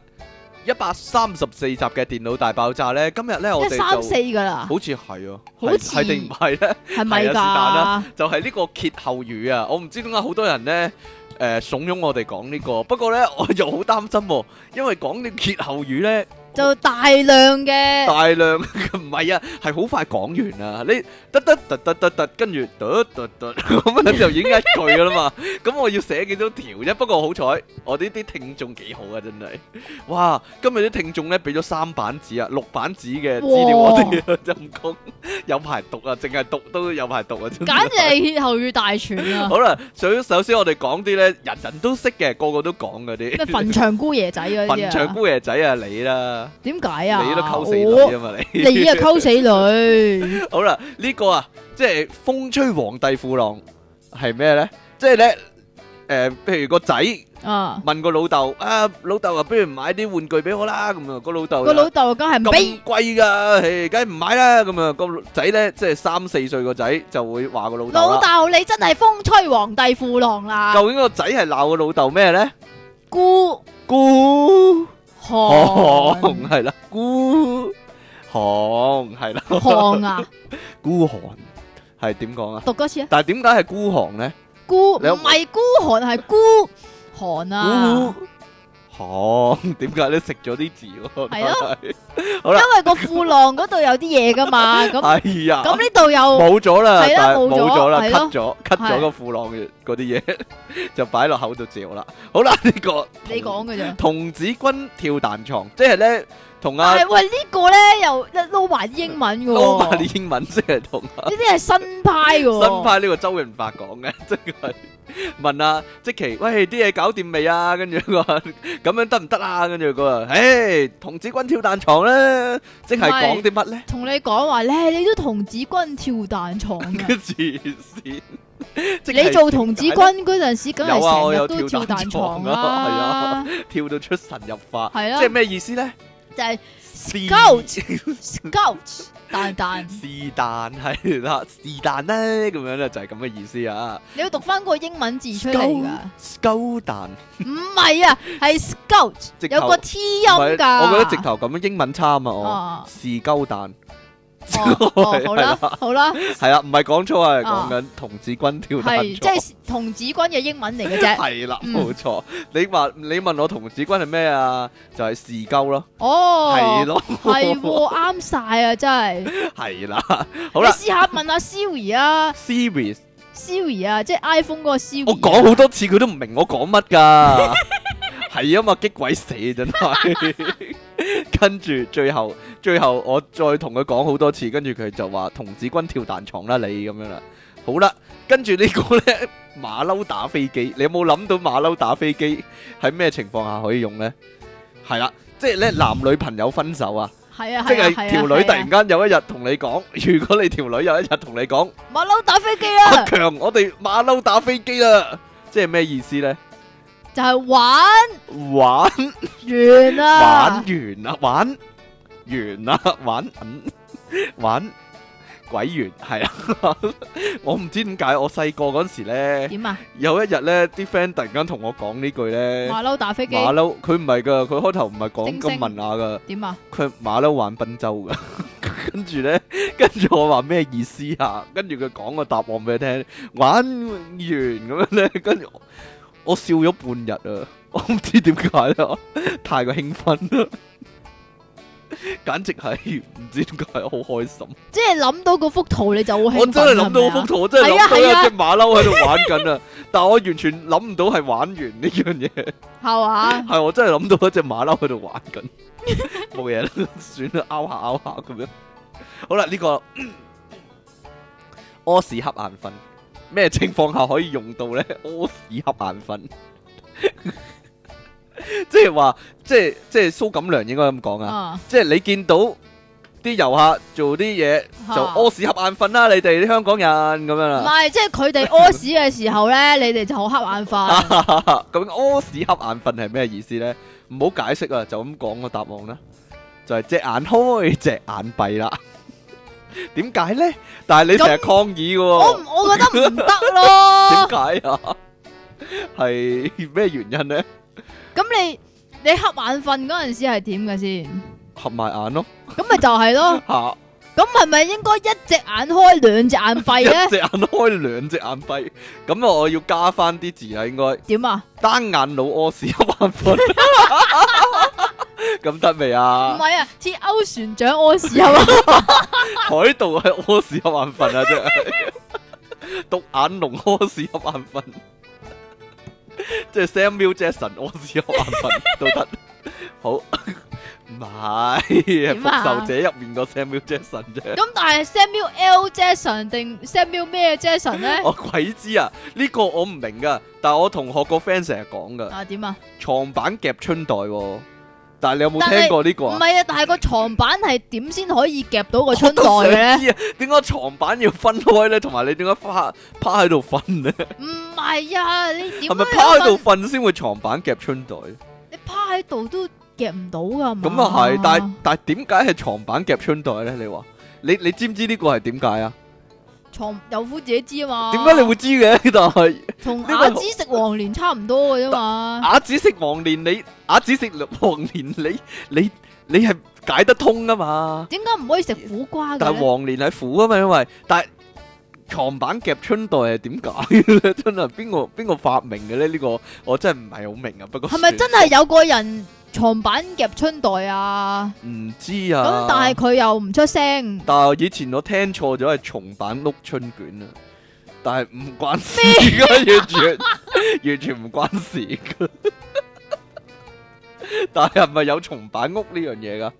一百三十四集嘅電腦大爆炸咧，今日咧我哋三四噶啦，好似係哦，好似係定唔係咧？係咪噶？就係、是、呢個歇後語啊！我唔知點解好多人咧。誒、呃、慫恿我哋講呢個，不過咧，我又好擔心喎、啊，因為講啲歇後語咧。就大量嘅，大量唔係啊，係好快講完啊！你得得得得得得，跟住得得得，咁樣就影一句噶啦嘛。咁我要寫幾多條啫？不過好彩，我呢啲聽眾幾好啊，真係！哇，今日啲聽眾咧俾咗三版紙啊，六版紙嘅資料我哋陰功，有排讀啊，淨係讀都有排讀啊！簡直係歇後語大全啊！好啦，所以首先我哋講啲咧，人人都識嘅，個個都講嗰啲，咩墳場姑爺仔嗰啲啊？墳場姑爺仔啊，你啦。點解啊？你都溝死女啊嘛！你你啊溝死女！好啦，呢個啊，即係風吹皇帝褲浪係咩咧？即係咧，誒，譬如個仔啊，問個老豆啊，老豆啊，不如買啲玩具俾我啦！咁啊，個老豆個老豆梗係唔俾，貴噶，誒，梗係唔買啦！咁啊，個仔咧，即係三四歲個仔就會話個老豆老豆，你真係風吹皇帝褲浪啦！究竟個仔係鬧個老豆咩咧？姑姑。寒係啦，孤寒係啦，寒啊，孤寒係點講啊？讀多次啊！但係點解係孤寒咧？孤唔係孤寒，係孤寒啊！哦，點解你食咗啲字咯？係、 [laughs] 啊、 [laughs] 好啦，因為個褲浪嗰度有啲嘢噶嘛，咁了，哎呀，咁呢度又冇咗啦，冇咗啦，cut 咗，cut 咗個褲浪嘅嗰啲嘢，就擺落口度嚼啦。好啦，呢個你講嘅啫，童子軍跳彈床，即係咧。同啊，喂、這個、呢個咧又一撈埋啲英文嘅，撈埋啲英文、 [laughs] 就是、即係同 [laughs] 啊，呢啲係新派嘅，新派呢個周潤發講嘅，即係問啊，即其喂啲嘢搞掂未啊？跟住佢話咁樣得唔得啊？跟住佢話，誒，童子軍跳彈床咧，即係講啲乜咧？同你講話咧，你都童子軍跳彈床嘅，黐綫！ [laughs] 你做童子軍嗰陣時，梗係成日都跳彈床啦，係啊，跳到出神入化，係啦、啊，即係咩意思咧？就係 Scout Scout 蛋蛋是蛋係啦，是蛋咧咁樣咧就係咁嘅意思啊！你要讀翻個英文字出嚟噶，Scout 蛋唔係啊，係 Scout [laughs] 直有個 T 音噶，我覺得直頭咁樣英文差啊嘛，哦，是鳩、啊、蛋。哦，好啦，好啦，係啦，唔係講錯啊，係講緊童子軍跳。係即係童子軍嘅英文嚟嘅啫。係啦，冇錯。你話你問我童子軍係咩啊？就係士鳩咯。哦，係咯，係啱晒啊！真係。係啦，好啦。你試下問下 Siri 啊，Siri，Siri 啊，即係 iPhone 嗰個 Siri。我講好多次，佢都唔明我講乜噶。係啊嘛，激鬼死真係！跟住 [laughs] [laughs] 最後，最後我再同佢講好多次，跟住佢就話童子軍跳彈床啦，你咁樣啦。好啦，跟住呢個呢，馬騮打飛機，你有冇諗到馬騮打飛機喺咩情況下可以用呢？係啦、啊，即係咧男女朋友分手啊，啊即係是條、啊啊、女突然間有一日同你講，啊啊、如果你條女有一日同你講，馬騮打飛機啊！阿強，我哋馬騮打飛機啦、啊，即係咩意思呢？就係玩玩完,啦 玩完啦，玩完啦，玩完啦，玩玩鬼完係啦！我唔知點解，我細個嗰時咧，點啊？有一日咧，啲 friend 突然間同我講呢句咧，馬騮打飛機，馬騮佢唔係噶，佢開頭唔係講咁問下噶，點啊？佢馬騮玩賓州噶， [laughs] 跟住咧，跟住我話咩意思啊？跟住佢講個答案俾你聽，玩完咁樣咧，跟住。我笑咗半日啊！我唔知點解啊，太過興奮啦，簡直係唔知點解好開心。即係諗到嗰幅圖你就會，我真係諗到幅圖，我真係諗到有隻馬騮喺度玩緊啊！啊 [laughs] 但我完全諗唔到係玩完呢 [laughs] 樣嘢。吓、啊！係、 [laughs] 嗯、我真係諗到一隻馬騮喺度玩緊，冇嘢啦，算啦，拗下拗下咁樣。好啦，呢、這個屙屎瞌眼瞓。咩情況下可以用到咧屙屎瞌眼瞓？即係話，即係即係蘇錦良應該咁講啊！即係你見到啲遊客做啲嘢就屙屎瞌眼瞓啦，你哋啲香港人咁樣啦。唔係，即係佢哋屙屎嘅時候咧，你哋就好瞌眼瞓。咁屙屎瞌眼瞓係咩意思咧？唔好解釋啊，就咁講個答案啦，就係隻眼開隻眼閉啦。點解咧？但係你成日、嗯、抗議嘅、哦，我唔，我覺得唔得咯。點解啊？係咩原因咧？咁你你瞌眼瞓嗰陣時係點嘅先？合埋眼咯。咁咪就係咯。吓？咁係咪應該一隻眼開兩隻眼閉咧？一隻眼開兩隻眼閉。咁啊，我要加翻啲字該啊，應該。點啊？單眼老屙屎，瞌眼瞓。 [laughs] [laughs] [laughs] 咁得未啊？唔係啊，似鷗船長屙屎係嘛？海盜係屙屎合眼份啊！啫係獨眼龍屙屎合眼份，即 [laughs] 係 Samuel Jackson 屙屎合眼份都得。 [laughs] 好唔係復仇者入面個 Samuel Jackson 啫。咁、啊、但係 Samuel L. Jackson 定 Samuel 咩 Jackson 咧？我、哦、鬼知啊！呢、呢個我唔明噶，但我同學個 friend 成日講噶。啊，點啊？床板夾春袋、啊。但係你有冇聽過呢個啊？唔係啊，但係個床板係點先可以夾到個春袋咧？知啊，點解床板要分開咧？同埋你點解趴趴喺度瞓咧？唔係啊，你點解係咪趴喺度瞓先會床板夾春袋？你趴喺度都夾唔到噶。咁啊係，但係但係點解係床板夾春袋咧？你話你你知唔知呢個係點解啊？有苦自己知啊嘛？點解你會知嘅？呢就係同啞子食黃連差唔多嘅啫嘛、呃。阿子食黃連，你啞子食黃連，你你你係解得通啊嘛？點解唔可以食苦瓜嘅？但係黃連係苦啊嘛，因為但係床板夾春袋係點解咧？ [laughs] 真係邊個邊個發明嘅咧？呢、這個我真係唔係好明啊。不過係咪真係有個人？床板夾春袋啊！唔知啊，咁但係佢又唔出聲。但係以前我聽錯咗係松板屋春卷啊，但係唔關事噶，完全 [laughs] 完全唔關事噶。 [laughs] 但係係咪有松板屋呢樣嘢噶？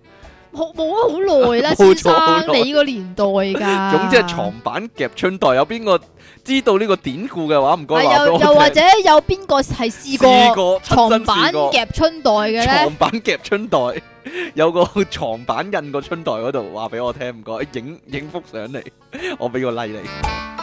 冇啊，好耐啦， [laughs] 先生，錯 [laughs] 你呢個年代噶。總之係床板夾春袋，有邊個？知道呢個典故嘅話，唔該、啊。又又或者有邊個係試過，試過，試過床板夾春袋嘅咧？床板夾春袋， [laughs] 有個床板印個春袋嗰度話俾我聽，唔該影影幅相嚟， [laughs] 我俾個 like 你。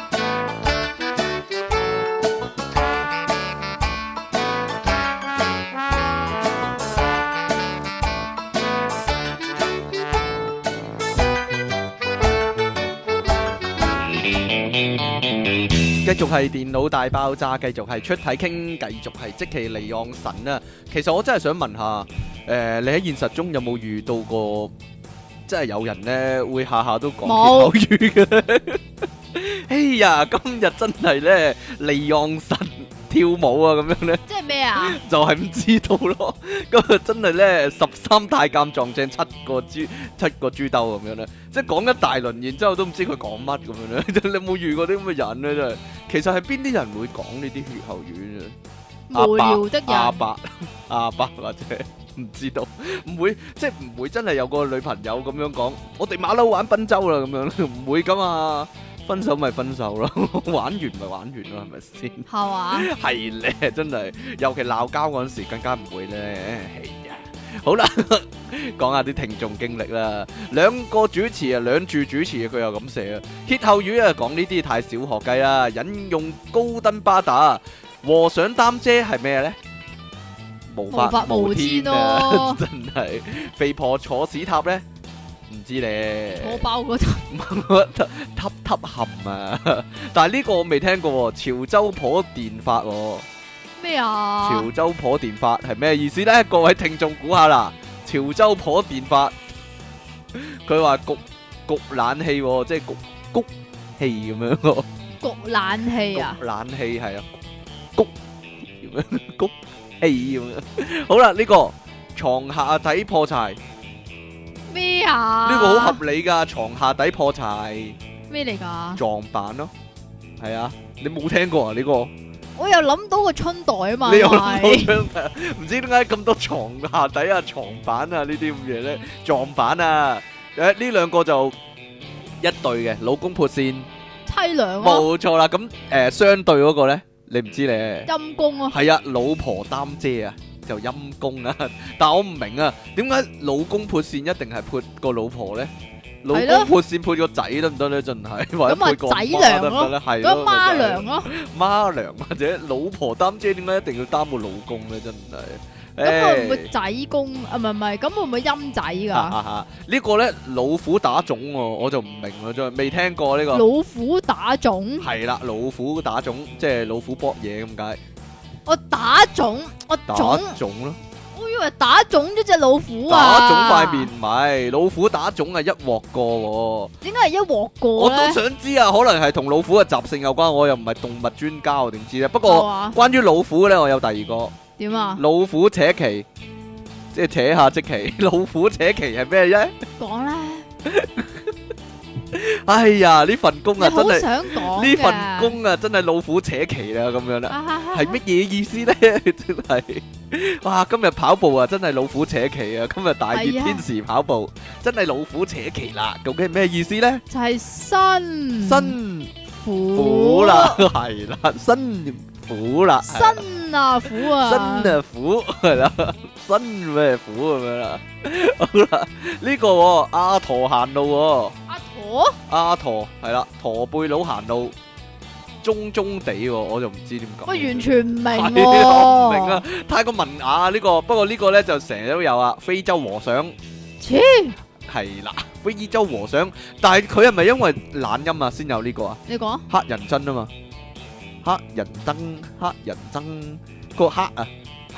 繼續係電腦大爆炸，繼續係出體 king，繼續係積淇離岸神啊！其實我真係想問下，誒、呃，你喺現實中有冇遇到過，即係有人呢會下下都講歇後語嘅？哎有 [laughs] 呀，今日真係呢離岸神。跳舞啊咁樣咧，即係咩啊？就係唔知道咯。咁啊真係咧，十三太監撞正七個豬，七個豬兜咁樣咧。即係講一大輪，然之後都唔知佢講乜咁樣咧。你冇遇過啲咁嘅人咧？真係，其實係邊啲人會講呢啲歇後語嘅？無聊得。阿伯，阿伯，阿伯或者唔知道，唔會，即係唔會真係有個女朋友咁樣講。我哋馬騮玩賓州啦，咁樣咧，唔會噶嘛。分手咪分手咯，玩完咪玩完咯，係咪先？係啊，係咧，真係，尤其鬧交嗰陣時更加唔會咧。係啊，好啦，講下啲聽眾經歷啦。兩個主持啊，兩柱主持，佢又咁寫啊。歇後語啊，講呢啲太小學雞，啦引用高登巴打，和尚擔遮係咩咧？無法，無法無天啊！真係，肥婆坐屎塔咧。唔知你，我包嗰層，冇乜，凸凸含啊！ [laughs] 但係呢個我未聽過，潮州婆電髮、啊啊，咩啊？潮州婆電髮係咩意思咧？各位聽眾估下啦，潮州婆電髮，佢話焗焗冷氣，即係焗焗氣咁樣個，焗冷氣啊？啊 [laughs] 冷氣係啊，啊，焗咁樣，焗氣咁樣，樣，樣，樣。好啦，呢、這個床下底破柴。 [laughs] 嗯 [laughs] 咩啊？呢個好合理噶，床下底破柴。咩嚟噶？撞板咯，係啊，你冇聽過啊呢個？我又諗到個春袋啊嘛，你又諗到春袋？唔知點解咁多床下底啊、床板啊呢啲咁嘢咧？撞板啊！誒，呢兩個就一對嘅，老公潑扇，淒涼。冇錯啦，咁誒相對嗰個咧，你唔知你，陰公啊，係啊，老婆擔遮啊。就陰公啦！但我唔明啊，點解老公潑線一定係潑個老婆咧？老公潑線潑個仔得唔得咧？真係或者潑個仔娘咯，或者媽娘咯。媽娘或者老婆擔遮，點解一定要擔個老公咧？真係咁會唔會仔公啊？唔係唔係，咁會唔會陰仔噶？呢個咧，老虎打種，我就唔明啦，真係未聽過呢個。老虎打種係啦，老虎打種即係老虎搏嘢咁解。我打腫，我打腫咯，我以為打腫咗隻老虎啊，打腫塊面唔係，老虎打腫啊一鑊過，點解係一鑊過咧？我都想知啊，可能係同老虎嘅習性有關，我又唔係動物專家，我點知咧？不過關於老虎咧，我有第二個，點啊？老虎扯旗，即係扯下隻旗，老虎扯旗係咩咧？講啦。哎呀，呢份工啊，真係想講呢份工啊，真係老虎扯旗啦，咁樣啦，係乜嘢意思咧？真係，哇，今日跑步啊，真係老虎扯旗啊！今日大熱天時跑步，真係老虎扯旗啦！究竟係咩意思咧？就係辛辛苦苦啦，係啦，辛苦啦，辛啊苦啊，辛啊苦係啦，辛咩苦咁樣啦？好啦，呢個喎，阿陀行路喎。哦，阿駝係啦，駝背佬行路中中地，我就唔知點講。我完全唔明，唔明啊！太過文雅呢個，不過呢個咧就成日都有啊。非洲和尚，切，係啦，非洲和尚，但係佢係咪因為懶音啊先有呢個啊？你講黑人憎啊嘛，黑人憎，黑人憎個黑啊！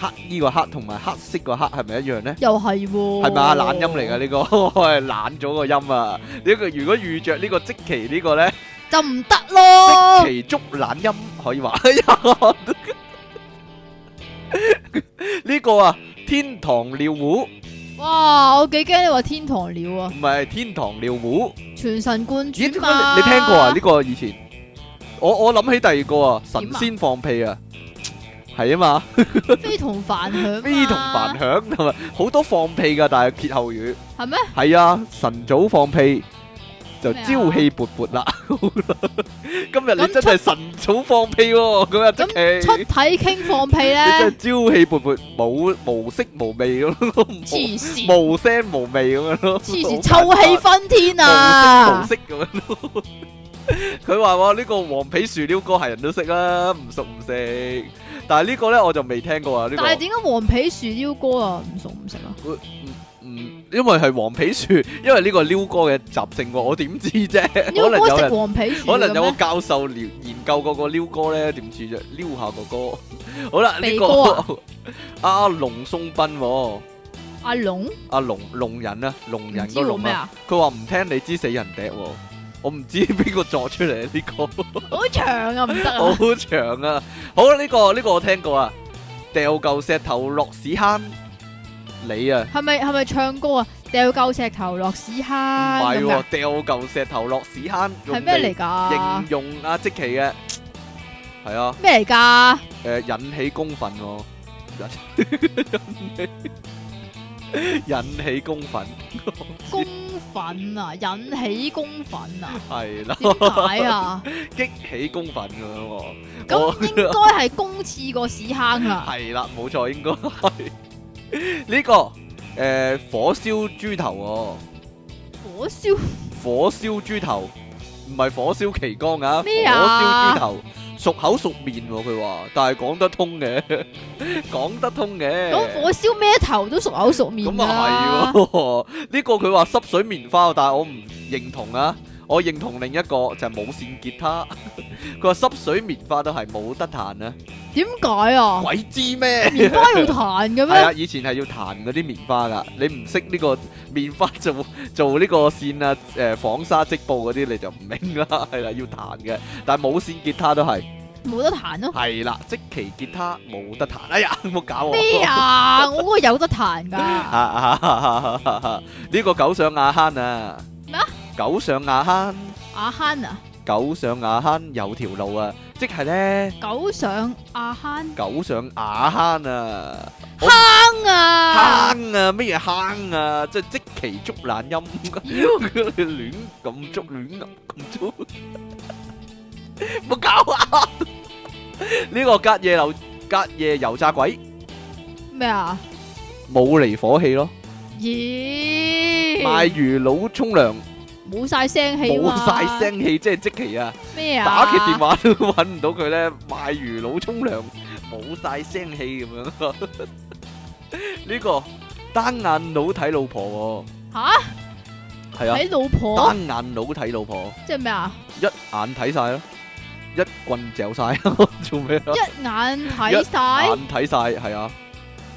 黑呢個黑同埋黑色個黑係咪一樣呢？又係是喎、哦。係咪啊懶音嚟噶呢個？我係懶咗個音啊！呢、這個如果遇着呢、這個積淇呢個呢，就唔得咯。積淇捉懶音可以話。呢 [laughs] [laughs] 個啊天堂尿壺。哇！我幾驚你話天堂尿啊。唔係天堂尿壺。全神貫注嘛？你聽過啊？呢、這個以前，我我諗起第二個啊神仙放屁啊！係啊嘛， [laughs] 非同凡響，非同凡響同埋好多放屁噶，但係歇後語係咩？係嗎啊，晨早放屁就朝氣勃勃啦。今日你真係晨早放屁，咁啊麼 [laughs] 真係、那個。出體 king 放屁咧， [laughs] 你真係朝氣勃勃，無無色無味咁咯、那個。黐線，無聲無味咁樣咯。黐線，反反臭氣熏天啊！無色咁樣咯。 [laughs] 佢話我呢個黃皮樹鷯哥係人都識啦，唔熟唔食。但係呢個咧我就未聽過啊。呢、這個但係點解黃皮樹鷯哥啊？唔熟唔食啊？嗯嗯，因為係黃皮樹，因為呢個鷯哥嘅習性，我點知啫？溜哥 [laughs] 可能有黃皮樹可能有個教授研究過個鷯哥咧，點知啫？撩下個歌。 [laughs] 好啦，呢、這個阿聾、啊 [laughs] 啊、送殯、哦，阿聾龍，阿聾聾人啊，聾人個聾咩啊？佢話唔聽你支死人笛、哦。我唔知邊個作出嚟，呢個好長啊，唔得啊，好長啊。好啦，呢個呢個我聽過啊，掉舊石頭落屎坑，你啊，係咪係咪唱歌啊？掉舊石頭落屎坑，唔係，掉舊石頭落屎坑，係咩嚟噶？形容啊，即奇嘅，係啊，咩嚟噶？誒，引起公憤，引起。引起公憤 [laughs] ，公憤啊！引起公憤啊！係啦，點解啊？激 [laughs] 起公憤咁樣喎，咁應該係公廁個屎坑啊！係啦、啊，冇錯， [laughs] 應該係呢個誒、呃，火燒豬頭哦、啊，火燒，火燒豬頭。唔係火燒旗杆啊！火燒豬頭熟口熟面喎、啊，佢話，但係講得通嘅， [laughs] 講得通嘅，咁火燒咩頭都熟口熟面咁啊，係喎，呢 [laughs] 是、啊、 [laughs] 個佢話濕水棉花、啊、但係我唔認同啊。我認同另一個就係冇線吉他，佢話濕水棉花都係冇得彈啊！點解啊？鬼知咩？棉花要彈嘅咩？係啊，以前係要彈嗰啲棉花噶，你唔識呢個棉花做做呢個線啊？誒，紡紗織布嗰啲你就唔明啦，係啦，要彈嘅，但係冇線吉他都係冇得彈咯。係啦，即其吉他冇得彈。哎呀，冇搞我咩啊？我嗰個有得彈㗎。啊啊啊啊啊！呢個狗上瓦坑啊！咩啊？狗上瓦坑，瓦坑啊！狗上瓦坑有條路啊，即係咧。狗上瓦坑，狗上瓦坑啊！坑啊！坑啊！咩嘢坑啊？即係即其捉懶音噶亂咁捉，亂咁捉，冇搞啊！呢個隔夜油，隔夜油炸鬼咩啊？冇厘火氣咯。咦？賣魚佬沖涼。冇晒聲氣，冇晒聲氣，即係積淇啊！咩啊？打佢電話都搵唔到佢咧，賣魚佬沖涼，冇晒聲氣咁樣。呢個單眼佬睇老婆喎。吓？係啊。睇老婆。單眼佬睇老婆。即係咩啊？一眼睇晒啦，一棍嚼晒，做咩啊？一眼睇晒。一眼睇晒，係啊。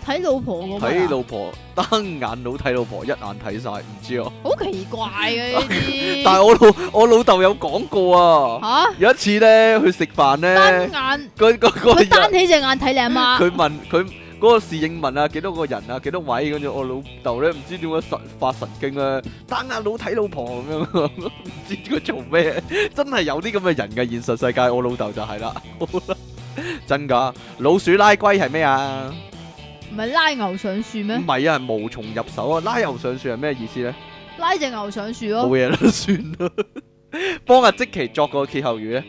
睇老婆睇、啊、老婆，單眼佬睇老婆，一眼睇晒。唔知哦。好奇怪嘅 [laughs] 但係我老我老豆有講過啊。吓、啊，有一次咧去食飯咧，飯呢單眼佢佢佢單起隻眼睇你阿、啊、媽。佢 [laughs] 問佢嗰個侍應問啊，幾多個人啊，幾多位，跟住我老豆咧唔知點解神發神經啊，單眼佬睇老婆咁樣，唔 [laughs] 知佢做咩？真係有啲咁嘅人嘅現實世界，我老豆就係啦。 [laughs] 真噶，老鼠拉龜係咩啊？唔係拉牛上樹咩？唔係啊，係無從入手啊！拉牛上樹係咩意思咧？拉隻牛上樹咯、啊。冇嘢啦，算啦。幫 [laughs] [laughs] 阿積淇作個歇後語咧。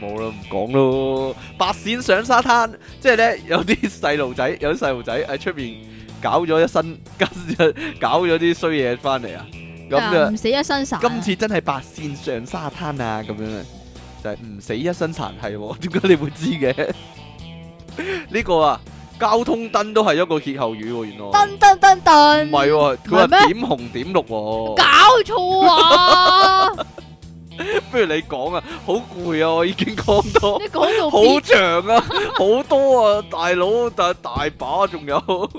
冇 [laughs] 啦，唔講咯。白線上沙灘，即係咧有啲細路仔，有啲細路仔喺出邊搞咗一身，跟住搞咗啲衰嘢翻嚟啊！咁就唔死一身殘、啊、今次真係白線上沙灘啊！咁樣啊，就係、是、唔死一身殘係喎？點解、啊、你會知嘅？ [laughs] 呢個啊，交通燈都係一個歇後語喎，原來。燈燈燈燈唔係，佢話點紅點綠。搞錯啊！不如你講啊，好攰啊，我已經講多。你講到好長啊，好多啊，大佬大大把仲有。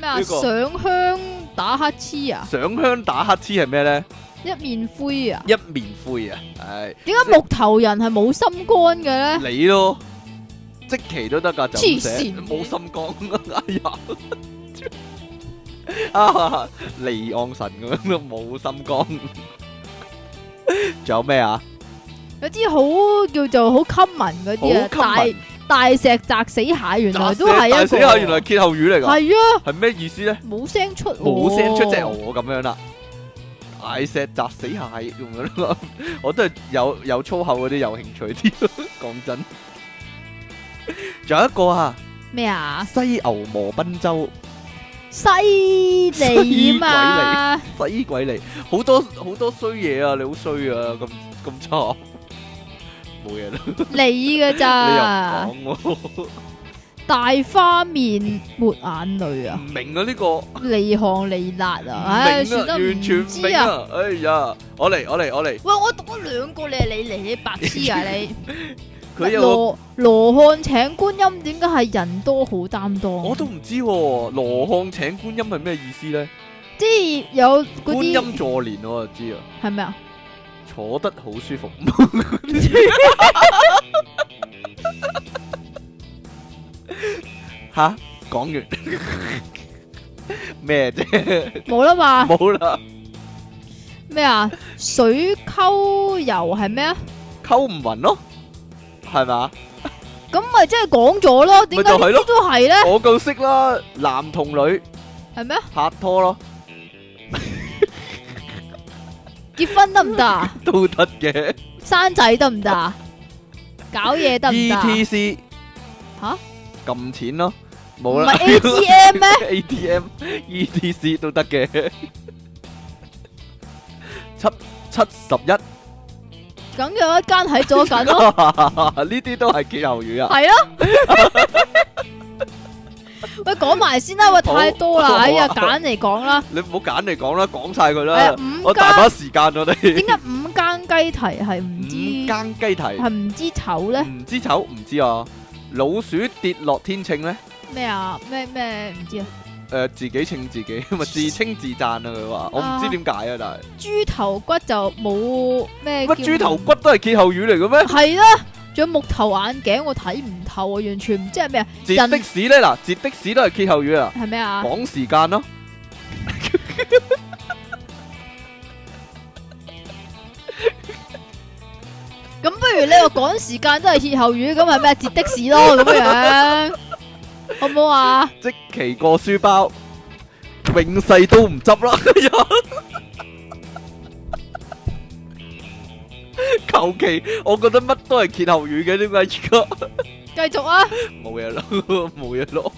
咩啊？上香打乞嗤啊？上香打乞嗤係咩咧？一面灰啊！一面灰啊！係。點解木頭人係冇心肝嘅咧？你咯。即期都得噶，就黐線冇心肝。哎呀，啊，離岸神咁樣都冇心肝。仲有咩啊？有啲好叫做好 common 嗰啲啊，大大石砸死蟹，原來都係啊！大石砸死蟹原來係歇後語嚟噶，係啊，係咩意思咧？冇聲出，冇聲出即係我咁樣啦。大石砸死蟹咁樣咯，我都係有有粗口嗰啲有興趣啲，講真。仲有一個啊？咩啊？西牛磨賓州，犀利嘛，犀鬼嚟，犀鬼嚟，好多好多衰嘢啊！你好衰啊，咁咁差，冇嘢啦，你噶咋？大花面抹眼淚啊！唔明啊呢個，離行離辣啊！唉，完全唔知啊！哎呀，我嚟我嚟我嚟，喂，我讀咗兩個你啊，你嚟，你白痴啊你！羅羅漢請觀音，點解係人多好擔當？我都唔知喎，羅漢請觀音係咩意思咧？即係有觀音坐蓮，我就知啊。係咩啊？坐得好舒服。吓，講完咩啫？冇啦嘛，冇啦。咩啊？水溝油係咩啊？溝唔匀咯。係嘛？咁咪即係講咗咯？點解都係咧？我夠識啦，男同女係咩？拍拖咯，結婚得唔得啊？都得嘅。生仔得唔得啊？搞嘢得唔得？ETC 吓？撳錢咯，冇啦。唔係 ATM 咩？ATM ETC 都得嘅。七七十一。咁樣一間喺左緊咯，呢啲都係歇後語啊。係啊，喂，講埋先啦，喂，太多啦，哎呀，揀嚟講啦，你唔好揀嚟講啦，講晒佢啦，我大把時間我哋。點解五間雞蹄係唔知？五間雞蹄係唔知醜咧？唔知醜唔知啊！老鼠跌落天秤咧？咩啊？咩咩唔知啊？誒、呃，自己稱自己，咪 [laughs] 自稱自贊啊！佢話我唔知點解啊，但係是豬頭骨就冇咩叫豬頭骨都係歇後語嚟嘅咩？係啦，仲有木頭眼鏡我睇唔透，啊，完全唔知係咩。截的士咧，嗱，截人的士都係歇後語啊？係咩啊？講時間咯。咁 [laughs] [laughs] 不如你話趕時間都係歇後語，咁係咩？截的士咯，咁樣。好唔好啊？積淇過書包，永世都唔執啦。求 [laughs] 其， [laughs] 我覺得乜都係歇後語嘅，點解而家繼續啊！冇嘢咯，冇嘢咯。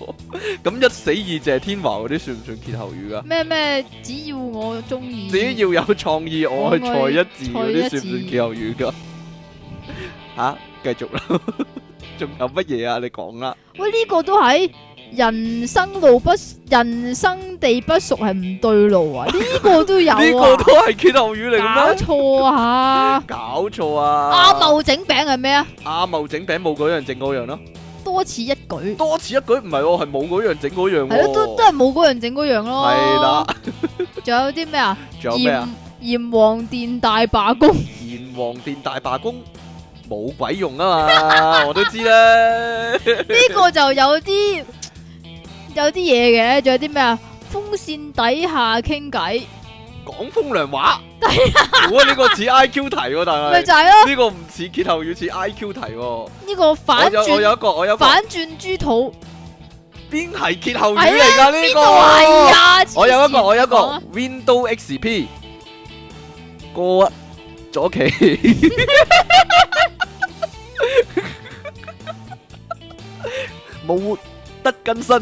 咁 [laughs] 一死二謝天華嗰啲算唔算歇後語啊？咩咩？只要我中意，只要有創意，我去愛一字嗰啲算唔算歇後語噶？ [laughs] 啊，繼續啦。 [laughs] 仲有乜嘢啊？你講啦！喂，呢個都係人生路不人生地不熟係唔對路啊！呢個都有，呢個都係歇後語嚟咩？搞錯啊！搞錯啊！阿茂整餅係咩啊？阿茂整餅冇嗰樣整嗰樣咯，多此一舉。多此一舉唔係，係冇嗰樣整嗰樣係咯，都都係冇嗰樣整嗰樣咯。係啦，仲有啲咩啊？仲有咩啊？閻王殿大罷工，閻王殿大罷工。冇鬼用啊嘛，我都知啦。呢個就有啲有啲嘢嘅，仲有啲咩啊？風扇底下傾偈，講風涼話。我呢個似 I Q 題，大佬，仔係呢個唔似歇後語，要似 I Q 題。呢個反轉，我有一個，我有反轉豬肚。邊係歇後語嚟噶呢個？係啊，我有一個，我有一個 Windows XP。過，咗期。冇得更新，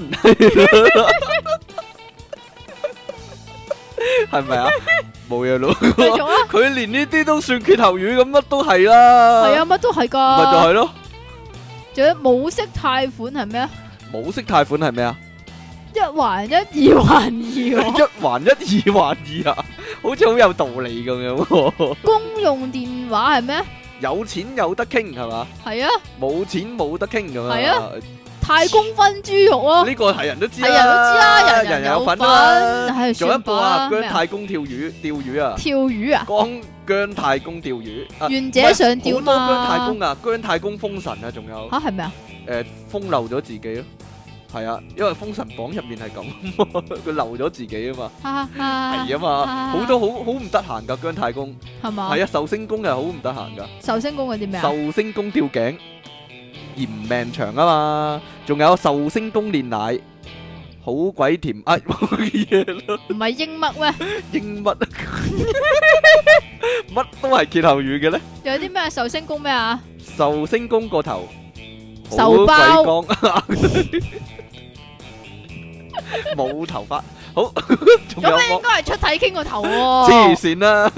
係咪啊？冇嘢咯。佢連呢啲都算缺頭語，咁乜都係啦。係啊，乜都係噶、啊啊。咪就係咯。仲有冇息貸款係咩啊？冇息貸款係咩啊？一還一，二還二。 [laughs] [laughs] 一還一，二還二啊， [laughs] 好似好有道理咁樣、啊。 [laughs] 公用電話係咩？有錢有得傾係嘛？係是啊無無。冇錢冇得傾咁樣啊。 [laughs] 太公分豬肉咯，呢個係人都知啦，人人都知啦，人人有份啦。仲有啊，姜太公跳魚釣魚啊，跳魚啊，姜太公釣魚，願者上釣嘛。好多姜太公啊，姜太公封神啊，仲有啊，係咩啊？誒，封漏咗自己咯，係啊，因為封神榜入面係咁，佢漏咗自己啊嘛，係啊嘛，好多好好唔得閒噶姜太公，係嘛？係壽星公又好唔得閒噶，壽星公嗰啲咩啊？壽星公吊頸。嫌命長啊嘛，仲有壽星公煉奶，好鬼甜啊！唔係鷹嘜咩？鷹嘜乜都係歇後語嘅咧。仲有啲咩壽星公咩啊？壽星公個頭，壽包冇頭髮。好咁咧，應該係出體傾個頭喎。黐線啦，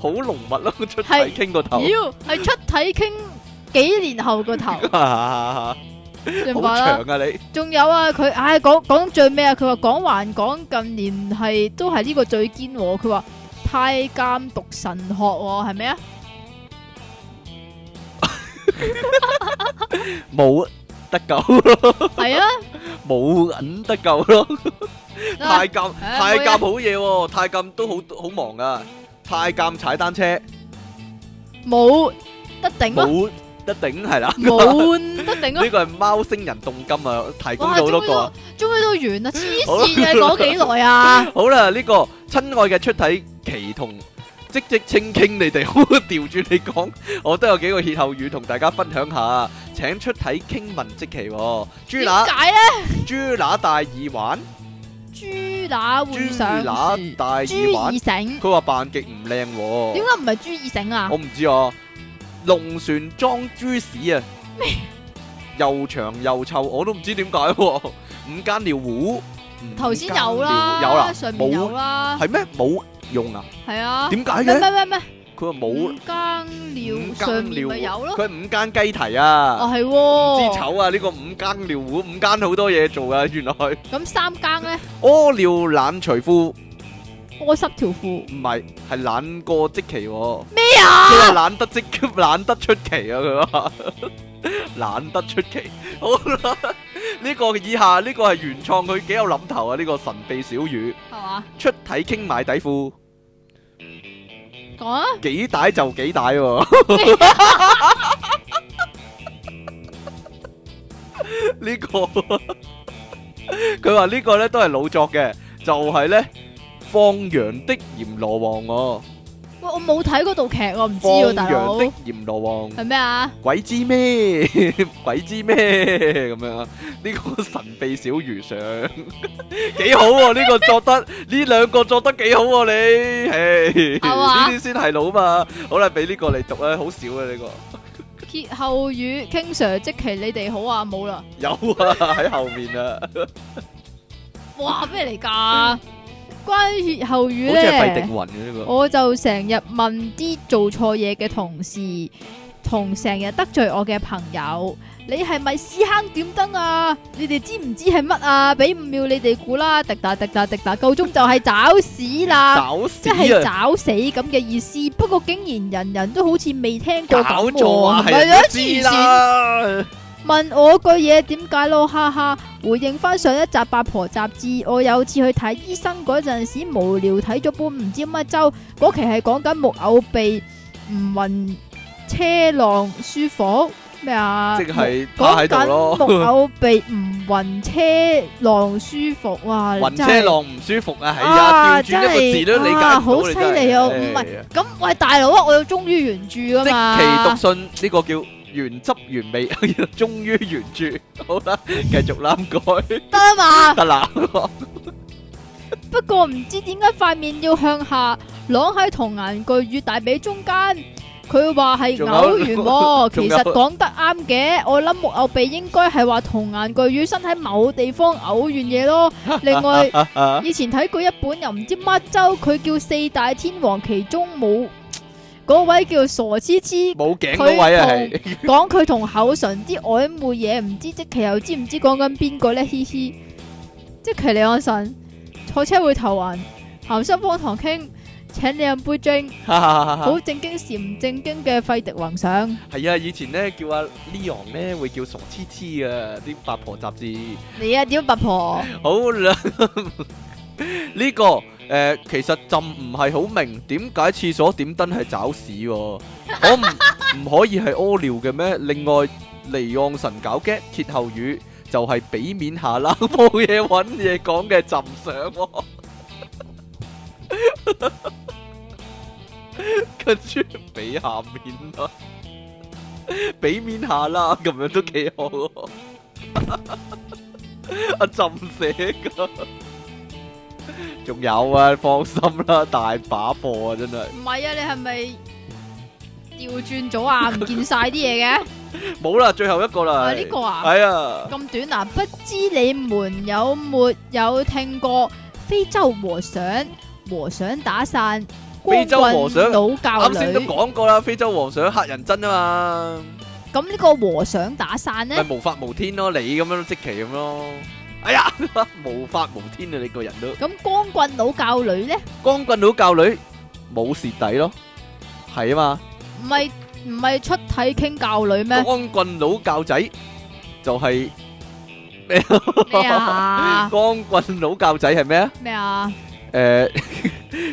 好濃密咯，出體傾個頭。妖，係出體傾。幾年後個頭，好長啊！你仲有啊？佢唉講講最尾啊？佢話講還講近年係都係呢個最堅喎。佢話太監讀神學喎，係咪啊？冇得救咯，係啊，冇撚得救咯。太監太監好嘢喎，太監都好好忙噶。太監踩單車，冇得頂咯。得頂係啦，滿得頂。呢個係貓星人動金啊，提供咗好多個。終於都完啦，黐線嘅，講幾耐啊？好啦，呢個親愛嘅出體 king 同積淇傾傾，你哋好好調住你講，我都有幾個歇後語同大家分享下，請出體傾問積淇。豬乸解咧？豬乸大耳環，豬乸會神。豬乸大耳環，豬耳醒。佢話扮極唔靚，點解唔係豬耳醒啊？我唔知啊。龍船裝豬屎啊！咩？又長又臭，我都唔知點解。五間尿壺，頭先有啦，有啦，上面有啦，係咩？冇用啊！係啊，點解嘅？咩咩咩？佢話冇間尿，五間尿咪有咯。佢係五間雞蹄啊！哦，係喎，唔知醜啊！呢個五間尿壺，五間好多嘢做啊！原來咁三間咧？屙尿懶，除褲。我濕條褲，唔係，係懶過積淇，啊，咩啊？即係懶得即懶得出奇啊！佢話懶得出奇， [laughs] 好啦，呢、這個以下呢、這個係原創，佢幾有諗頭啊！呢個神秘小語係嘛？吧出體 king 買底褲，講啊，幾大就幾大喎。個呢個佢話呢個咧都係老作嘅，就係、是、咧。放羊的閻羅王我，喂我冇睇嗰套劇我唔知啊大佬。放羊的閻羅王係咩啊？鬼知咩？鬼知咩？咁樣啊？呢個神秘小魚上，幾 [laughs] 好喎、啊？呢、這個作得呢兩 [laughs] 個作得幾好喎、啊？你係呢啲先係佬嘛？好啦，俾呢個嚟讀啊，好少啊呢個。歇 [laughs] 後語 King Sir 即期你哋好啊冇啦？有啊喺後面啊。哇咩嚟噶？關於歇後語咧，我就成日問啲做錯嘢嘅同事，同成日得罪我嘅朋友，你係咪屎坑點燈啊？你哋知唔知係乜啊？俾五秒你哋估啦，滴答滴答滴答，夠鐘就係找屎啦，即係找死咁嘅意思。不過竟然人人都好似未聽過搞錯、啊，唔係咯？黐問我句嘢，點解咯，哈哈！回應翻，上一集八婆雜誌，我有次去睇醫生嗰陣時，無聊睇咗半唔知乜周，嗰期係講緊木偶鼻，唔暈車浪舒服咩啊？即係講緊木偶鼻唔暈車浪舒服啊？暈車浪唔舒服啊？係啊，調轉一個字都理解唔到你真係。好犀利哦！唔係，咁喂，大佬，啊，我要忠於原著噶嘛？即期讀信呢個叫。原汁原味，終於原著，好啦，繼續攬改，得啦嘛，得啦。不過唔知點解塊面要向下，擸喺童顏巨乳大髀中間，佢話係嘔完，其實講得啱嘅。我諗木偶鼻應該係話童顏巨乳身喺某地方嘔完嘢咯。另外，以前睇過一本又唔知乜洲，佢叫四大天王，其中冇。嗰位叫傻痴痴，冇頸位啊係講佢同口唇啲曖昧嘢，唔知即奇又知唔知講緊邊個咧？嘻嘻，即奇你安神，坐車會頭暈，鹹濕幫堂傾，請你飲杯精。好 [laughs] 正經時唔正經嘅費迪幻想。係 [laughs] 啊，以前呢叫阿、啊、Leon 呢會叫傻痴痴啊，啲八婆雜誌。你啊，點八婆？好啦。 [laughs] 呢、這個誒、呃，其實朕唔係好明點解廁所點燈係找屎喎，啊？可唔唔可以係屙尿嘅咩？另外，離岸神搞嘅歇後語就係、是、俾面下啦，冇嘢揾嘢講嘅朕上，跟住，俾下面啦，俾面下啦，咁樣都幾好，啊。阿、 [laughs] 啊、朕寫噶。仲有啊，放心啦，大把貨啊，真係。唔係啊，你係咪調轉咗啊？唔見晒啲嘢嘅。冇啦，最後一個啦。呢個啊？係啊。咁短啊？不知你們有沒有聽過非洲和尚，和尚打傘？非洲和尚。老教女。啱先都講過啦，非洲和尚黑人憎啊嘛。咁呢個和尚打傘呢？係無法無天咯，你咁樣都即奇咁咯。哎呀，無法無天啊！你個人都咁。光棍佬教女咧？光棍佬教女冇蝕底咯，係啊嘛？唔係唔係出體 king 教女咩？光棍佬教仔就係咩啊？光棍佬教仔係咩啊？咩啊？誒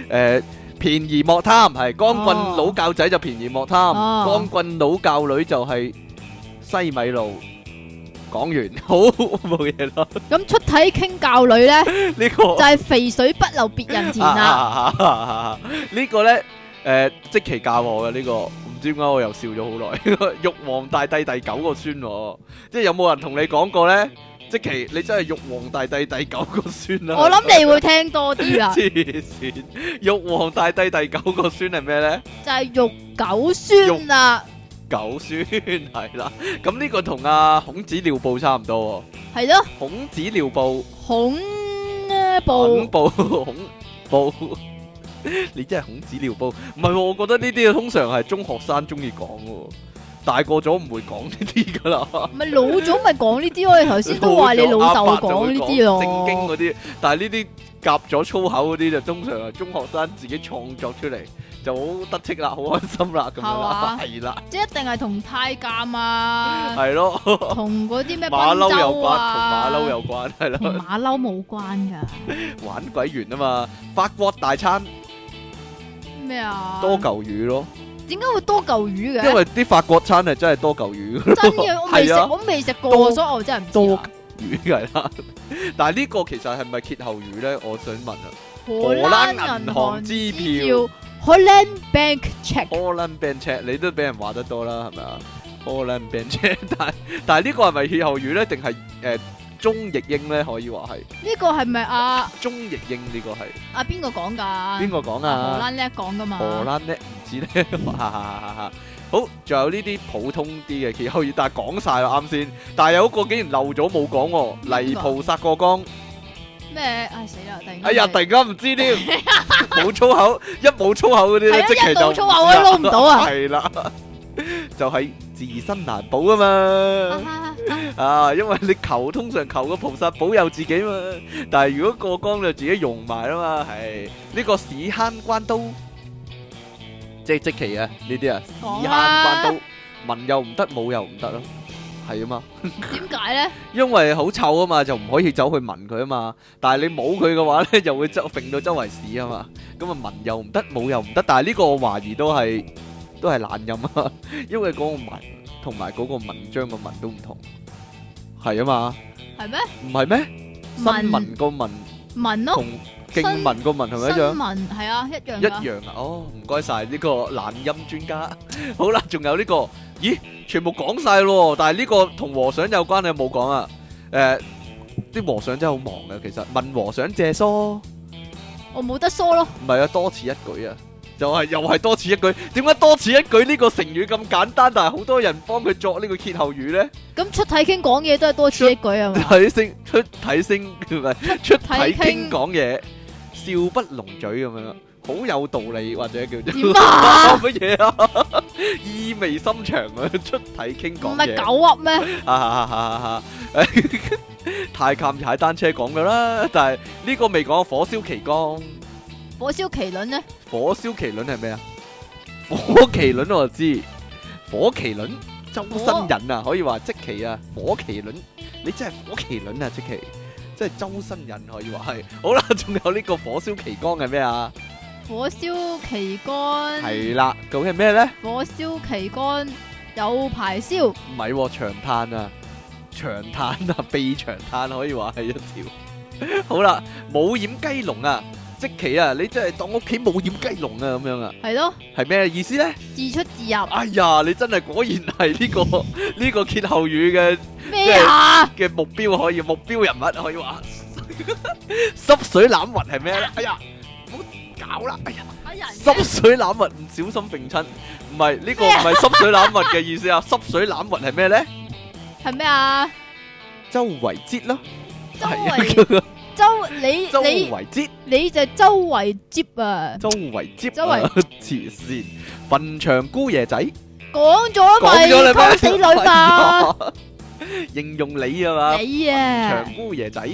誒，便宜莫貪係光棍佬教仔就便宜莫貪，光棍佬教女就係西米露。講完好冇嘢咯。咁 [laughs] 出體傾教女咧，呢這個就係肥水不流別人田啦。呢個咧，誒、呃，積淇教我嘅呢、這個，唔知點解我又笑咗好耐。玉皇大帝第九個孫，即係有冇人同你講過咧？積淇你真係玉皇大帝第九個孫啊！我諗你會聽多啲啦。黐線！玉皇大帝第九個孫係咩咧？就係玉九孫啦。狗孫係啦，咁呢九 [laughs] 個同阿孔子尿布差唔多喎。係咯，孔子尿布，孔布，孔布， [laughs] 你真係孔子尿布。唔係喎，我覺得呢啲通常係中學生中意講喎。大過咗唔會講呢啲㗎喇，唔會講呢啲噶啦，唔係老咗咪講呢啲咯？你頭先都話你老豆講呢啲咯，正經嗰啲。但係呢啲夾咗粗口嗰啲就通常係中學生自己創作出嚟就好得戚啦，好開心啦咁樣啦，係啦。即係一定係同太監啊，係咯，同嗰啲咩馬騮有關，同馬騮有關，係咯，同馬騮冇關噶。玩鬼完啊嘛，法國大餐咩啊？多嚿魚咯。點解會多嚿魚嘅？因為啲法國餐係真係多嚿魚。真嘅，我未食， [laughs] 啊、我未食過，多所以我真係唔知多。多魚係啦，但係呢個其實係咪歇後語咧？我想問啊，荷蘭銀行支票 （Holland Bank Check）。荷 Bank Check，你都俾人話得多啦，係咪啊？Holland Bank Check，但但係呢個係咪歇後語咧？定係誒？呃鍾逸英咧，可以話係呢個係咪啊？鍾逸英呢個係啊？邊個講噶？邊個講啊？荷蘭叻講噶嘛？荷蘭叻唔知咧，哈哈哈！好，仲有呢啲普通啲嘅，其實但係講晒啦啱先，但係有個竟然漏咗冇講，泥菩薩過江咩？唉死啦！突然，哎呀，突然間唔知添，冇粗口，一冇粗口嗰啲咧，即係就粗口都撈唔到啊！係啦，就係自身難保啊嘛！啊，因為你求通常求個菩薩保佑自己嘛，但係如果過江就自己融埋啊嘛，係呢個屎坑關刀，即係即奇啊呢啲啊，屎坑關刀，聞又唔得，冇又唔得咯，係啊嘛，點解咧？因為好臭啊嘛，就唔可以走去聞佢啊嘛，但係你冇佢嘅話咧，就會周揈到周圍屎啊嘛，咁啊聞又唔得，冇又唔得，但係呢個我懷疑都係都係懶音啊，因為嗰個聞。同埋嗰個文章個文都唔同，係啊嘛，係咩？唔係咩？新聞個文文咯，同經文個文係咪一樣？新聞係啊，一樣一樣啊！哦，唔該曬呢個懶音專家。好啦，仲有呢個，咦？全部講曬咯，但係呢個同和尚有關，你有冇講啊？誒，啲和尚真係好忙嘅，其實問和尚借梳，我冇得梳咯。唔係啊，多此一舉啊！就係又係多此一舉，點解多此一舉呢個成語咁簡單，但係好多人幫佢作呢個歇後語咧？咁出體傾講嘢都係多此一舉啊！出體聲出體聲叫咪出體傾講嘢，笑不攏嘴咁樣，好有道理或者叫做乜嘢啊？意味深長啊！出體傾講嘢唔係狗噏咩？啊啊啊啊啊！太監踩單車講噶啦，但係呢個未講火燒旗杆。火燒麒麟呢？火燒麒麟係咩啊？火麒麟我就知，火麒麟周身人啊，可以話即奇啊。火麒麟，你真係火麒麟啊！即奇，即係周身人可以話係。好啦，仲有呢個火燒旗杆係咩啊？火燒旗杆係啦，究竟係咩呢？火燒旗杆有排燒，唔係長嘆啊，長嘆啊，悲長嘆、啊、可以話係一條。 [laughs] 好啦，冇掩雞籠啊！積淇啊！你真係當屋企冇掩雞籠啊咁樣啊？係咯，係咩意思咧？自出自入。哎呀，你真係果然係呢個呢個歇後語嘅咩啊？嘅目標可以，目標人物可以話濕水攬物係咩？哎呀，唔好搞啦！哎呀，濕水攬物唔小心揈親，唔係呢個，唔係濕水攬物嘅意思啊！濕水攬物係咩咧？係咩啊？周圍哲咯，係啊。周你你周圍接，你就係周圍接啊，周圍接啊，慈善墳場姑爺仔，講咗咪，拖死女吧，形容你啊嘛，你啊，長姑爺仔，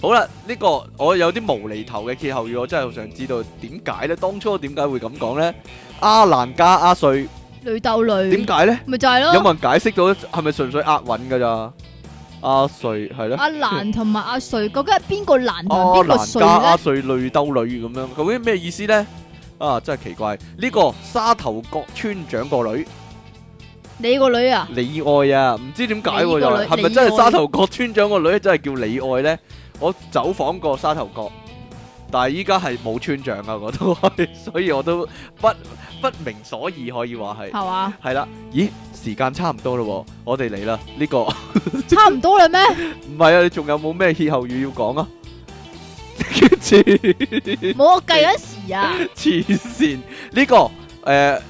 好啦，呢個我有啲無厘頭嘅歇後語，我真係好想知道點解咧？當初點解會咁講咧？阿蘭加阿瑞，累鬥累，點解咧？咪就係咯，有冇人解釋到？係咪純粹押韻噶咋？啊、呢阿瑞係咧，阿蘭同埋阿瑞，究竟係邊個蘭同邊個阿瑞淚兜女咁樣，究竟咩意思咧？啊，真係奇怪！呢、這個沙頭角村長個女，你個女啊？李愛啊？唔知點解喎？又係、是、咪愛真係沙頭角村長個女？真係叫李愛咧？我走訪過沙頭角，但係依家係冇村長啊，我都，所以我都不不明所以，可以話係係啊，係啦吧，咦？時間差唔多咯，我哋嚟啦呢個 [laughs] 差唔多啦咩？唔係 [laughs] 啊，你仲有冇咩歇後語要講啊？黐， [laughs] 冇我計咗時啊！黐線，呢個誒，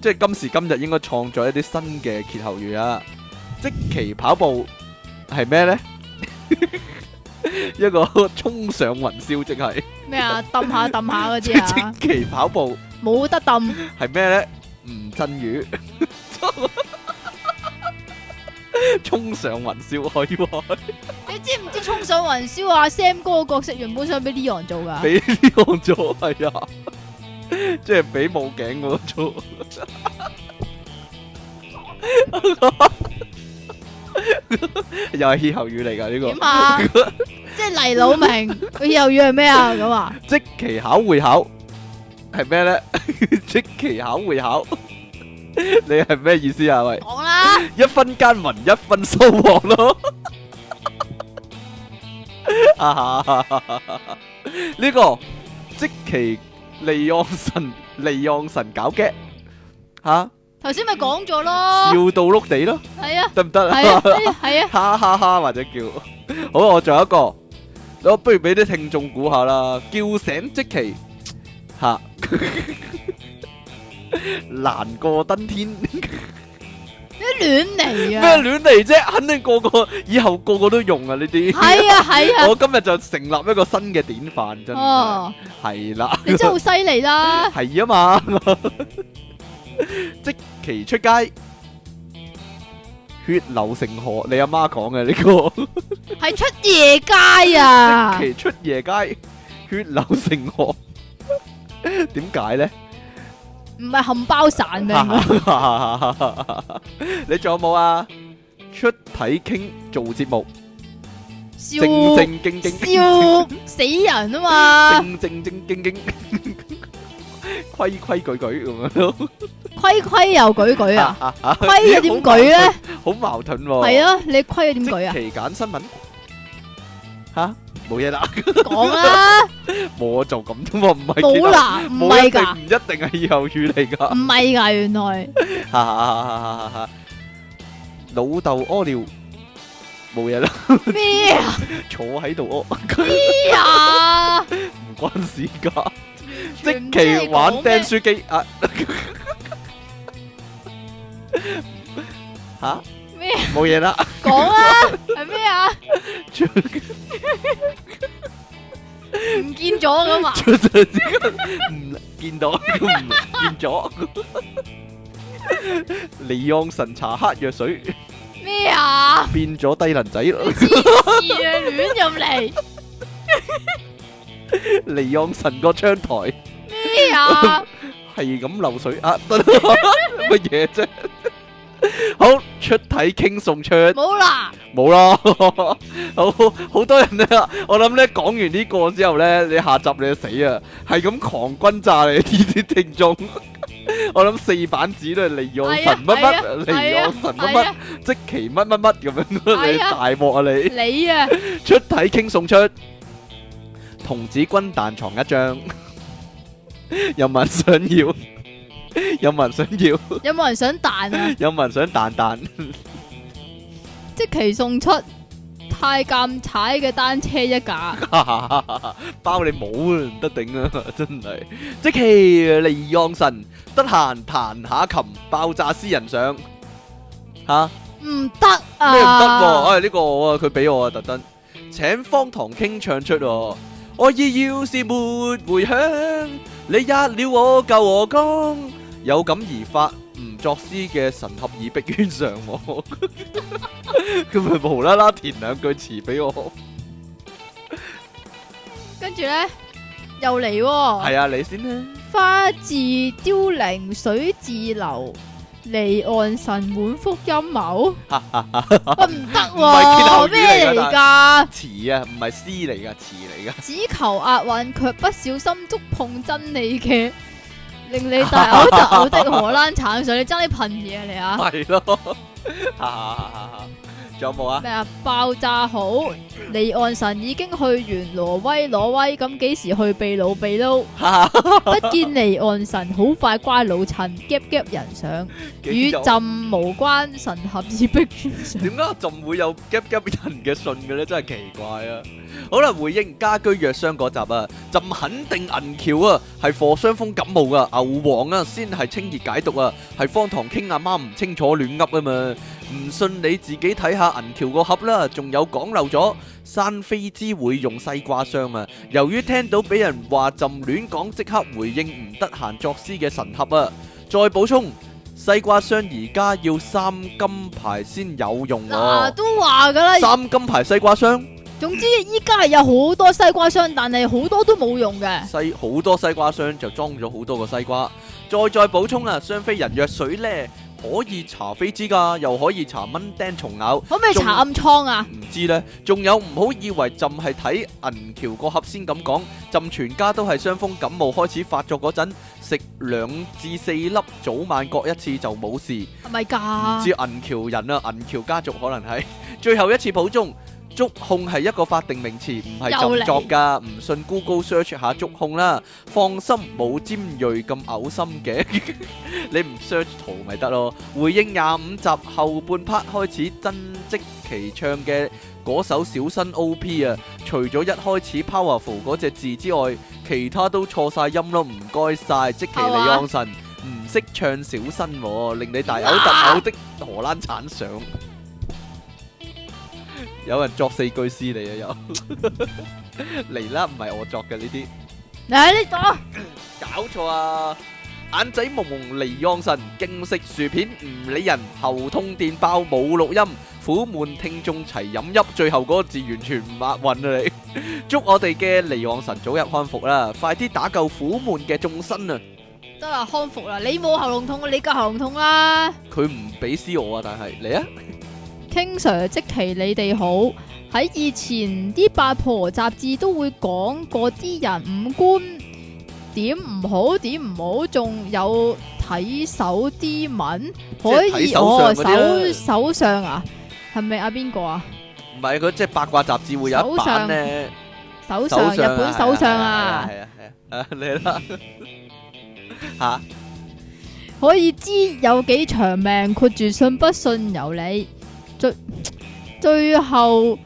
即係今時今日應該創作一啲新嘅歇後語啊！即期跑步係咩咧？呢 [laughs] 一個衝 [laughs] 上雲霄，麼 [laughs] 即係是咩啊？揼下揼下嗰隻啊！即期跑步冇得揼，係咩咧？吳鎮宇衝上雲霄可以喎？你知唔知衝上雲霄啊 Sam 哥個角色原本想俾 Leon 做噶，俾 Leon 做係啊，即係俾冇頸個做，又係歇後語嚟噶呢個？點啊？即係黎老明，歇後語係咩啊？咁啊？即期考會考。係咩咧？積淇考會考，你係咩意思啊？喂，講啦，一分耕耘一分收穫咯。啊哈，呢個積淇離岸神離岸神搞 get 吓，頭先咪講咗咯，笑到碌地咯，係啊，得唔得啊？係啊，哈哈哈，或者叫好，我仲有一個，我不如俾啲聽眾估下啦，叫醒積淇。吓 [laughs] 難過登天咩？亂嚟啊咩亂嚟啫，肯定個個以後個個都用啊呢啲。係啊係啊，啊 [laughs] 我今日就成立一個新嘅典範，真係係、哦、啦，你真係好犀利啦，係啊 [laughs] 的嘛， [laughs] 即期出街血流成河，你阿媽講嘅呢個係 [laughs] 出夜街啊， [laughs] 即期出夜街血流成河。點解咧？唔係含包散咩？你仲有冇啊？出體傾做節目，正正經經，笑死人啊嘛！正正經經，規規矩矩咁樣咯，規規又矩矩啊？規啊點舉咧？好矛盾係啊！你規啊點舉啊？即期揀新聞吓。冇嘢啦。講啦。冇就咁啫，唔係。好難，唔係噶。唔一定係歇後語嚟噶。唔係噶，原來。哈哈哈！老豆屙尿，冇嘢啦。咩啊？坐喺度屙。咩啊？唔關事噶。積淇玩釘書機啊。啊？冇嘢啦，講啊，係咩啊？唔見咗㗎嘛，唔見到變咗，尼昂神茶黑藥水咩啊？變咗低能仔啦，亂入嚟，尼昂神個窗台咩啊？係咁漏水啊？乜嘢啫？好，出體傾送出，冇啦，冇咯，好，好多人咧，我諗咧講完呢個之後咧，你下集你就死啊，係咁狂轟炸你啲啲聽眾，我諗四版紙都係離岸神乜乜，離岸神乜乜，即奇乜乜乜咁樣，你大鑊啊你，你啊，出體傾送出，童子軍彈床一張，又冇人想要。有冇人想要？有冇人想彈啊？有冇人想彈彈？積淇送出太監踩嘅單車一架，包你冇啊，唔得頂啊，真係！積淇離岸神得閒彈下琴，爆炸私人相吓，唔得啊！咩唔得？哎，呢個我啊，佢俾我啊，特登請方唐傾唱出，我意要是沒回響，你壓了我舊河工。有感而發，唔作詩嘅神合而逼冤上網，佢 [laughs] 咪無啦啦填兩句詞俾我，跟住咧又嚟、哦，係啊，你先啦。花自凋零，水自流，離岸神滿腹陰謀，不唔得喎，咩嚟噶？詞啊，唔係詩嚟噶，詞嚟噶。只求押韻，卻不小心觸碰真理嘅。令你大口大口的荷蘭橙水， [laughs] 你爭啲噴嘢、啊、你啊！係咯，係。有冇啊？咩啊？爆炸好，離岸神已經去完挪威，挪威咁幾時去秘魯？秘魯，不見離岸神，好快乖老襯，夾夾人上，與朕無關，神合意逼尊上。點解朕會有夾夾逼人嘅信嘅咧？真係奇怪啊！好啦，回應家居藥箱嗰集啊，朕肯定銀翹啊，係防傷風感冒噶牛黃啊，先係清熱解毒啊，係荒唐傾阿媽唔清楚亂噏啊嘛。唔信你自己睇下銀橋個盒啦，仲有講漏咗山飛之會用西瓜霜啊！由於聽到俾人話浸亂講，即刻回應唔得閒作詩嘅神盒啊！再補充，西瓜霜而家要三金牌先有用咯，哦。都話噶啦，三金牌西瓜霜。總之依家係有好多西瓜霜，但係好多都冇用嘅。西好多西瓜霜就裝咗好多個西瓜。再再補充啊，雙飛人藥水呢。可以查飛滋㗎，又可以查蚊叮蟲咬，可唔可以查暗瘡啊？唔知呢。仲有唔好以為朕係睇銀橋個盒先咁講，朕全家都係傷風感冒開始發作嗰陣，食兩至四粒早晚各一次就冇事，係咪㗎？唔似銀橋人啊，銀橋家族可能係最後一次補中。捉控係一個法定名詞，唔係咁作噶，唔來信 Google Search 下捉控啦。放心，冇尖銳咁嘔心嘅， [laughs] 你唔 Search 圖咪得咯。回應廿五集後半 part 開始，真積淇唱嘅嗰首《小新 O P》啊，除咗一開始 Powerful 嗰隻字之外，其他都錯晒音咯，唔該晒，積淇離岸神，唔識、啊、唱小新喎、啊，令你大嘔特嘔的荷蘭產上。啊有人作四句詩嚟啊！又嚟啦，唔係我作嘅呢啲。你呢度搞錯啊！眼仔蒙蒙，離岸神，經食薯片唔理人，喉痛電爆冇錄音，苦悶聽眾齊飲泣，最後嗰個字完全唔押韻啊！你祝我哋嘅離岸神早日康復啦，快啲打救苦悶嘅眾生啊！都話康復啦，你冇喉嚨痛，你架喉嚨痛啦。佢唔俾詩我啊，但係嚟啊！King Sir、積淇你哋好，喺以前啲八婆雜誌都會講過啲人五官點唔好點唔好，仲有睇手啲紋，可以哦手手相啊係咪阿邊個啊？唔係，佢即係八卦雜誌會有呢手相，咧。手相日本手相，啊係啊係啊你嚟、啊啊啊啊啊、啦吓 [laughs] [laughs] [laughs] 可以知有幾長命，括住信不信由你。最最後，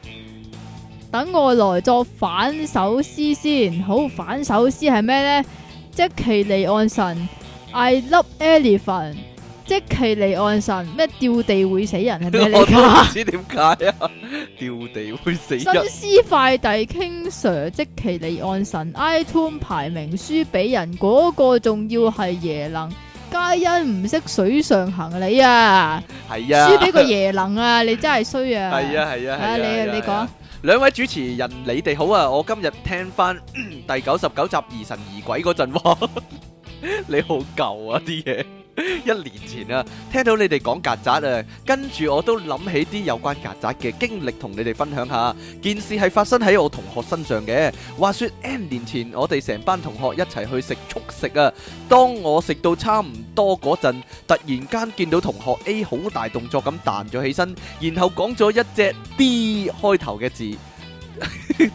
等我來作反手詩先，好，反手詩係咩呢？積淇離岸神，I love elephant，積淇離岸神咩？掉地會死人係咩嚟噶？我都唔知點解啊！掉地會死人。死人新詩快遞 King Sir，積淇離岸神，iTune 排名輸俾人嗰、嗰個，仲要係耶能。皆因唔識水上行，你啊係啊，輸俾是、啊、個耶能啊， [laughs] 你真係衰啊！係啊係啊，哎你你講，兩位主持人你哋好啊！我今日聽翻、嗯、第九十九集疑神疑鬼嗰陣， [laughs] 你好舊啊啲嘢。 [music] 一年前啊，聽到你哋講曱甴啊，跟住我都諗起啲有關曱甴嘅經歷，同你哋分享下。件事係發生喺我同學身上嘅。話說 N 年前，我哋成班同學一齊去食速食啊。當我食到差唔多嗰陣，突然間見到同學 A 好大動作咁彈咗起身，然後講咗一隻 D 開頭嘅字，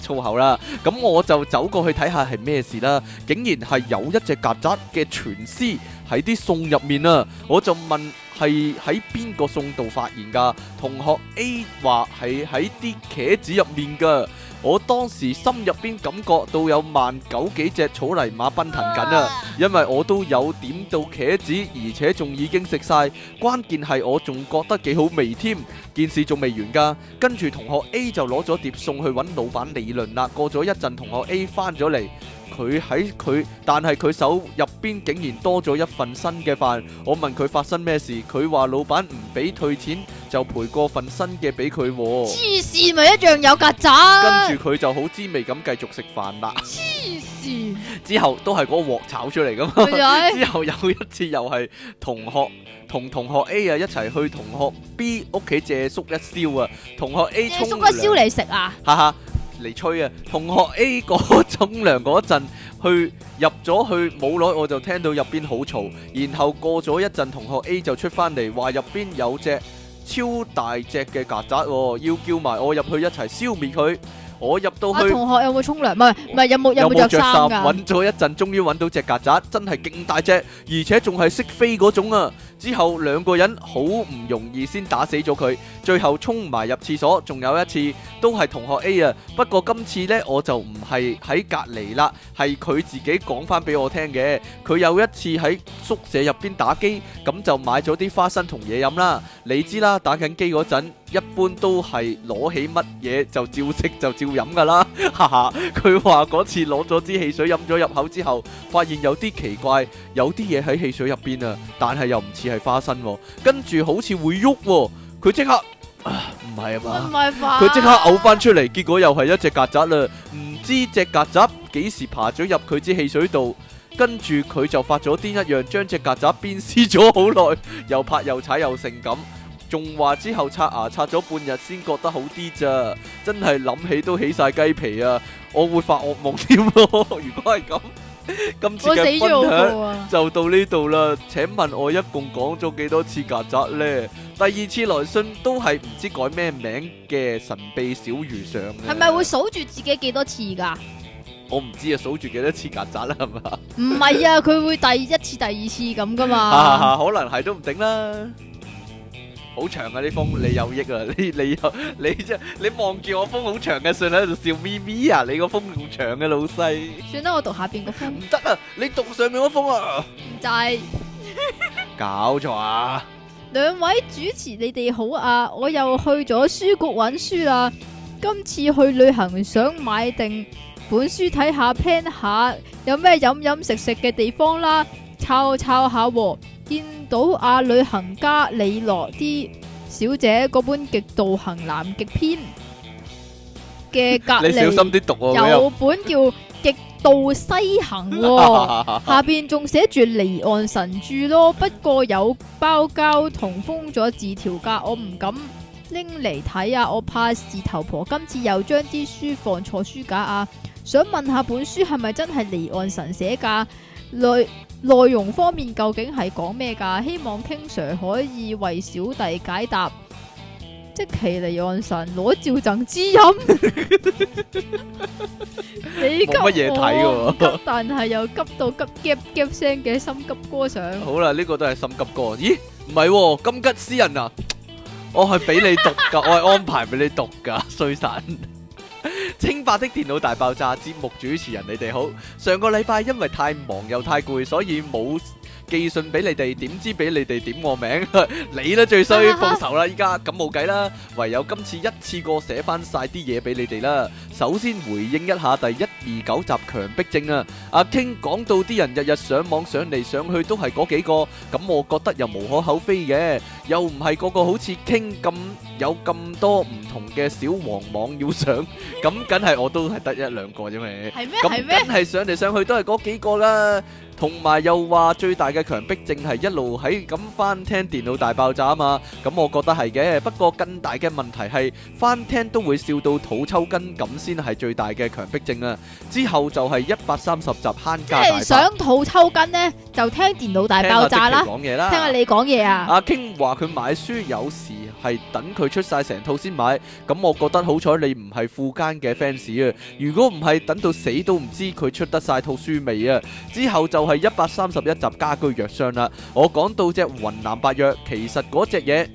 粗 [laughs] 口啦。咁我就走過去睇下係咩事啦。竟然係有一隻曱甴嘅全屍。喺啲餸入面啊，我就問係喺邊個餸度發現㗎？同學 A 話係喺啲茄子入面㗎。我當時心入邊感覺到有萬九幾隻草泥馬奔騰緊啊，因為我都有點到茄子，而且仲已經食晒。關鍵係我仲覺得幾好味添。件事仲未完㗎，跟住同學 A 就攞咗碟餸去揾老闆理論啦。過咗一陣，同學 A 返咗嚟。佢喺佢，但係佢手入邊竟然多咗一份新嘅飯。我問佢發生咩事，佢話老闆唔俾退錢，就賠過份新嘅俾佢。黐線，咪一樣有曱甴。跟住佢就好滋味咁繼續食飯啦。黐線。之後都係嗰鑊炒出嚟噶嘛。的之後有一次又係同學同同學 A 啊一齊去同學 B 屋企借宿一宵啊。同學 A，借宿一宵嚟食啊。哈哈。嚟吹啊！同學 A 嗰沖涼嗰陣，去入咗去，冇耐我就聽到入邊好嘈。然後過咗一陣，同學 A 就出翻嚟話入邊有隻超大隻嘅曱甴喎，要叫埋我入去一齊消滅佢。我入到去，啊，同學有冇沖涼？唔係唔係，有冇着衫㗎？揾咗一陣，終於揾到隻曱甴，真係勁大隻，而且仲係識飛嗰種啊！之後兩個人好唔容易先打死咗佢，最後衝埋入廁所。仲有一次都係同學 A 啊，不過今次咧我就唔係喺隔離啦，係佢自己講翻俾我聽嘅。佢有一次喺宿舍入邊打機，咁就買咗啲花生同嘢飲啦。你知啦，打緊機陣一般都係攞起乜嘢就照食就照飲噶啦。哈哈，佢話嗰次攞咗支汽水飲咗入口之後，發現有啲奇怪，有啲嘢喺汽水入邊啊，但係又唔似。係花生，跟住好似會喐，佢即刻唔係啊嘛，佢即刻嘔翻出嚟，結果又係一隻曱甴啦。唔知隻曱甴幾時爬咗入佢支汽水度，跟住佢就發咗癲一樣，將隻曱甴鞭屍咗好耐，又拍又踩又成咁，仲話之後刷牙刷咗半日先覺得好啲咋，真係諗起都起晒雞皮啊！我會發惡夢添咯， [laughs] 如果係咁。今次嘅分享，就到呢度啦，請問我一共講咗幾多次曱甴咧？第二次來信都係唔知改咩名嘅神秘小魚上。係咪會數住自己幾多次噶？我唔知數啊，數住幾多次曱甴啦，係嘛？唔係啊，佢會第一次、第二次咁噶嘛、 [laughs] 啊啊啊？可能係都唔定啦。好長啊！呢封你有益你你有你你你啊！你你又你即你望住我封好長嘅信喺度笑咪咪啊！你個封好長嘅、啊、老細，算啦，我讀下邊個封。唔得啊！你讀上面嗰封啊！唔制，搞錯啊！兩、 [laughs] 啊、位主持你哋好啊！我又去咗書局揾書啦。今次去旅行想買定本書睇下，plan 下有咩飲飲食食嘅地方啦，抄抄下喎、啊。見到阿、啊、旅行家李樂詩小姐嗰本《極度行南極篇》嘅隔，你小心啲讀啊！有本叫《極度西行、哦》喎， [laughs] 下邊仲寫住離岸神著咯。不過有包膠同封咗字條架，我唔敢拎嚟睇啊！我怕事頭婆今次又將啲書放錯書架啊！想問下本書係咪真係離岸神寫噶？女。內容方面究竟係講咩噶？希望 King Sir 可以為小弟解答。積淇離岸神攞照贈之音， [laughs] [laughs] 你我急乜嘢睇？但係又急到急夾夾聲嘅心急歌上。 [laughs] 好啦，呢、這個都係心急歌。咦，唔係、哦、金吉詩人啊？我係俾你讀噶， [laughs] 我係安排俾你讀噶衰神。清白的電腦大爆炸節目主持人，你哋好。上個禮拜因為太忙又太攰，所以冇寄信俾你哋，點知俾你哋點我名？ [laughs] 你都最衰，報仇啦！依家咁冇計啦，唯有今次一次過寫翻晒啲嘢俾你哋啦。首先回應一下第一二九集強迫症啊，阿 King 講到啲人日日上網上嚟上去都係嗰幾個，咁我覺得又無可厚非嘅。又唔係個個好似傾咁有咁多唔同嘅小黃網要上，咁梗係我都係得一兩個啫，係咩？咁梗係上嚟上去都係嗰幾個啦。同埋又話最大嘅強迫症係一路喺咁翻聽電腦大爆炸啊嘛，咁我覺得係嘅。不過更大嘅問題係翻聽都會笑到肚抽筋咁先係最大嘅強迫症啊。之後就係一百三十集慳家。即係想肚抽筋呢，就聽電腦大爆炸啦。講嘢啦，聽下你講嘢啊。啊，傾話。佢買書有時係等佢出晒成套先買，咁我覺得好彩你唔係富堅嘅 fans 啊！如果唔係等到死都唔知佢出得晒套書未啊！之後就係一百三十一集《家居藥箱》啦。我講到隻雲南白藥，其實嗰隻嘢。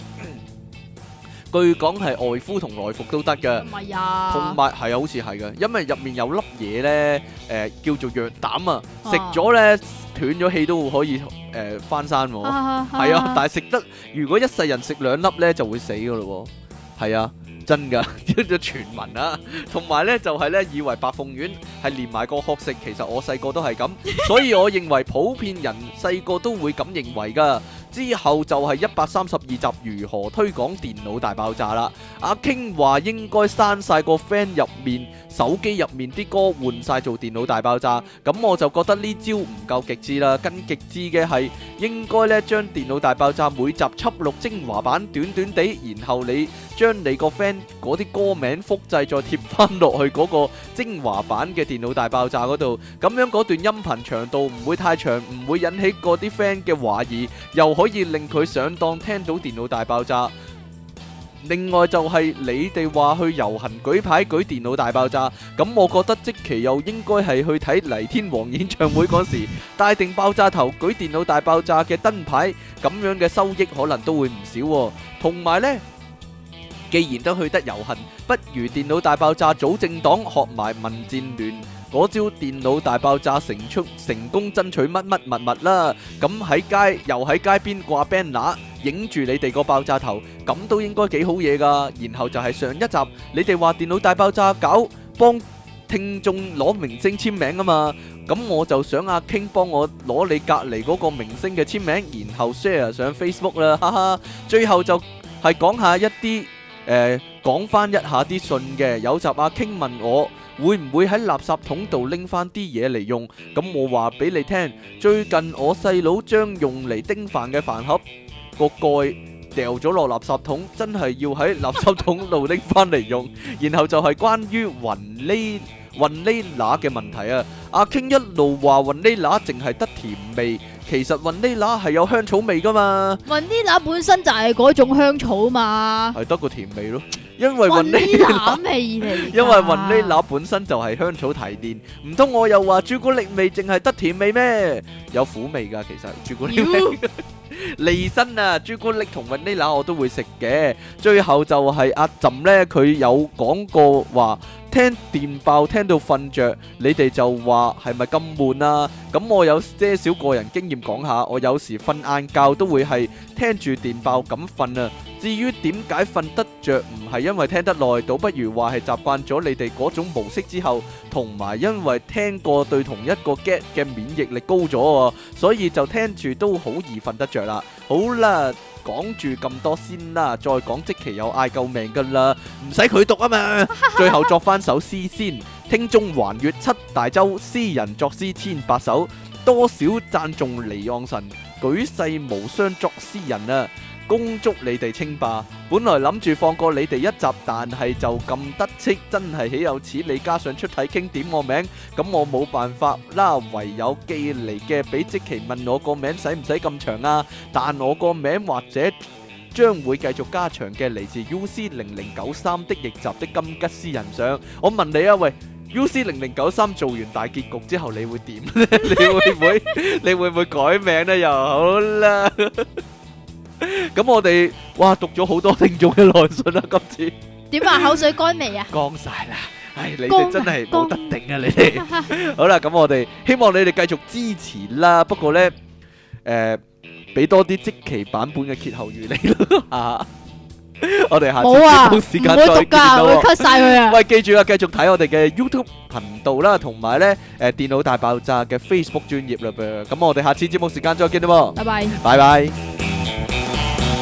據講係外敷同內服都得嘅，同埋係啊，好似係嘅，因為入面有粒嘢咧，誒叫做藥膽啊，食咗咧斷咗氣都會可以誒返生，係啊，但係食得如果一世人食兩粒咧就會死噶咯，係啊，真噶，呢個傳聞啊，同埋咧就係咧以為白鳳丸係連埋個殼食，其實我細個都係咁，所以我認為普遍人細個都會咁認為噶。之後就係一百三十二集如何推廣電腦大爆炸啦。阿 King 話應該刪晒個 friend 入面手機入面啲歌換晒做電腦大爆炸，咁我就覺得呢招唔夠極致啦。更極致嘅係應該咧將電腦大爆炸每集輯錄精華版短短地，然後你將你個 friend 嗰啲歌名複製再貼翻落去嗰個精華版嘅電腦大爆炸嗰度，咁樣嗰段音頻長度唔會太長，唔會引起嗰啲 friend 嘅懷疑，又可以。可以令佢上當，聽到電腦大爆炸。另外就係你哋話去遊行舉牌舉電腦大爆炸，咁我覺得積淇又應該係去睇黎天王演唱會嗰時，戴定爆炸頭舉電腦大爆炸嘅燈牌，咁樣嘅收益可能都會唔少。同埋呢，既然都去得遊行，不如電腦大爆炸組政黨，學埋民戰聯。嗰招電腦大爆炸成出成功爭取乜乜物物啦，咁喺街又喺街邊掛 banner 影住你哋個爆炸頭，咁都應該幾好嘢㗎。然後就係上一集你哋話電腦大爆炸搞幫聽眾攞明星簽名啊嘛，咁我就想阿 King 幫我攞你隔離嗰個明星嘅簽名，然後 share 上 Facebook 啦，哈哈。最後就係講下一啲誒講返一下啲信嘅，有集阿 King 問我。會唔會喺垃圾桶度拎翻啲嘢嚟用？咁我話俾你聽，最近我細佬將用嚟叮飯嘅飯盒個蓋掉咗落垃圾桶，真係要喺垃圾桶度拎翻嚟用。然後就係關於雲呢雲呢拿嘅問題啊！阿 King 一路話雲呢拿淨係得甜味，其實雲呢拿係有香草味噶嘛？雲呢拿本身就係嗰種香草嘛，係得個甜味咯。因為雲呢拿因為雲呢拿本身就係香草提煉，唔通，我又話朱古力味淨係得甜味咩？有苦味噶，其實朱古力味。You? [laughs] 利身啊，朱古力同雲尼拿我都會食嘅。最後就係阿朕呢，佢有講過話，聽電爆聽到瞓着，你哋就話係咪咁悶啊？咁我有些少個人經驗講下，我有時瞓晏覺都會係聽住電爆咁瞓啊。至於點解瞓得着，唔係因為聽得耐，倒不如話係習慣咗你哋嗰種模式之後，同埋因為聽過對同一個 get 嘅免疫力高咗啊，所以就聽住都好易瞓得着。好啦，講住咁多先啦，再講即期又嗌救命噶啦，唔使佢讀啊嘛，最後作翻首詩先，聽眾環遊七大洲，詩人作詩千百首，多少讚頌離岸神，舉世無雙作詩人啊！恭祝你哋稱霸，本來諗住放過你哋一集，但係就咁得戚，真係豈有此理！加上出體傾點我名，咁我冇辦法啦，唯有寄嚟嘅俾積淇問我個名，使唔使咁長啊？但我個名或者將會繼續加長嘅，嚟自 U C 零零九三的逆襲的金吉斯人像。我問你啊，喂，U C 零零九三做完大結局之後你會點呢？你會唔會？你會唔會改名呢？又好啦。咁我哋哇讀咗好多聽眾嘅來信啦，今次點話口水乾未啊？乾晒啦！唉，你哋真係冇得頂啊！你哋好啦，咁我哋希望你哋繼續支持啦。不過咧，誒，俾多啲積淇版本嘅歇後語你咯吓。我哋下次節目時間再見到。唔好讀噶，會 cut 晒佢啊！喂，記住啊，繼續睇我哋嘅 YouTube 頻道啦，同埋咧，誒，電腦大爆炸嘅 Facebook 專頁啦噃。咁我哋下次節目時間再見啦，拜拜，拜拜。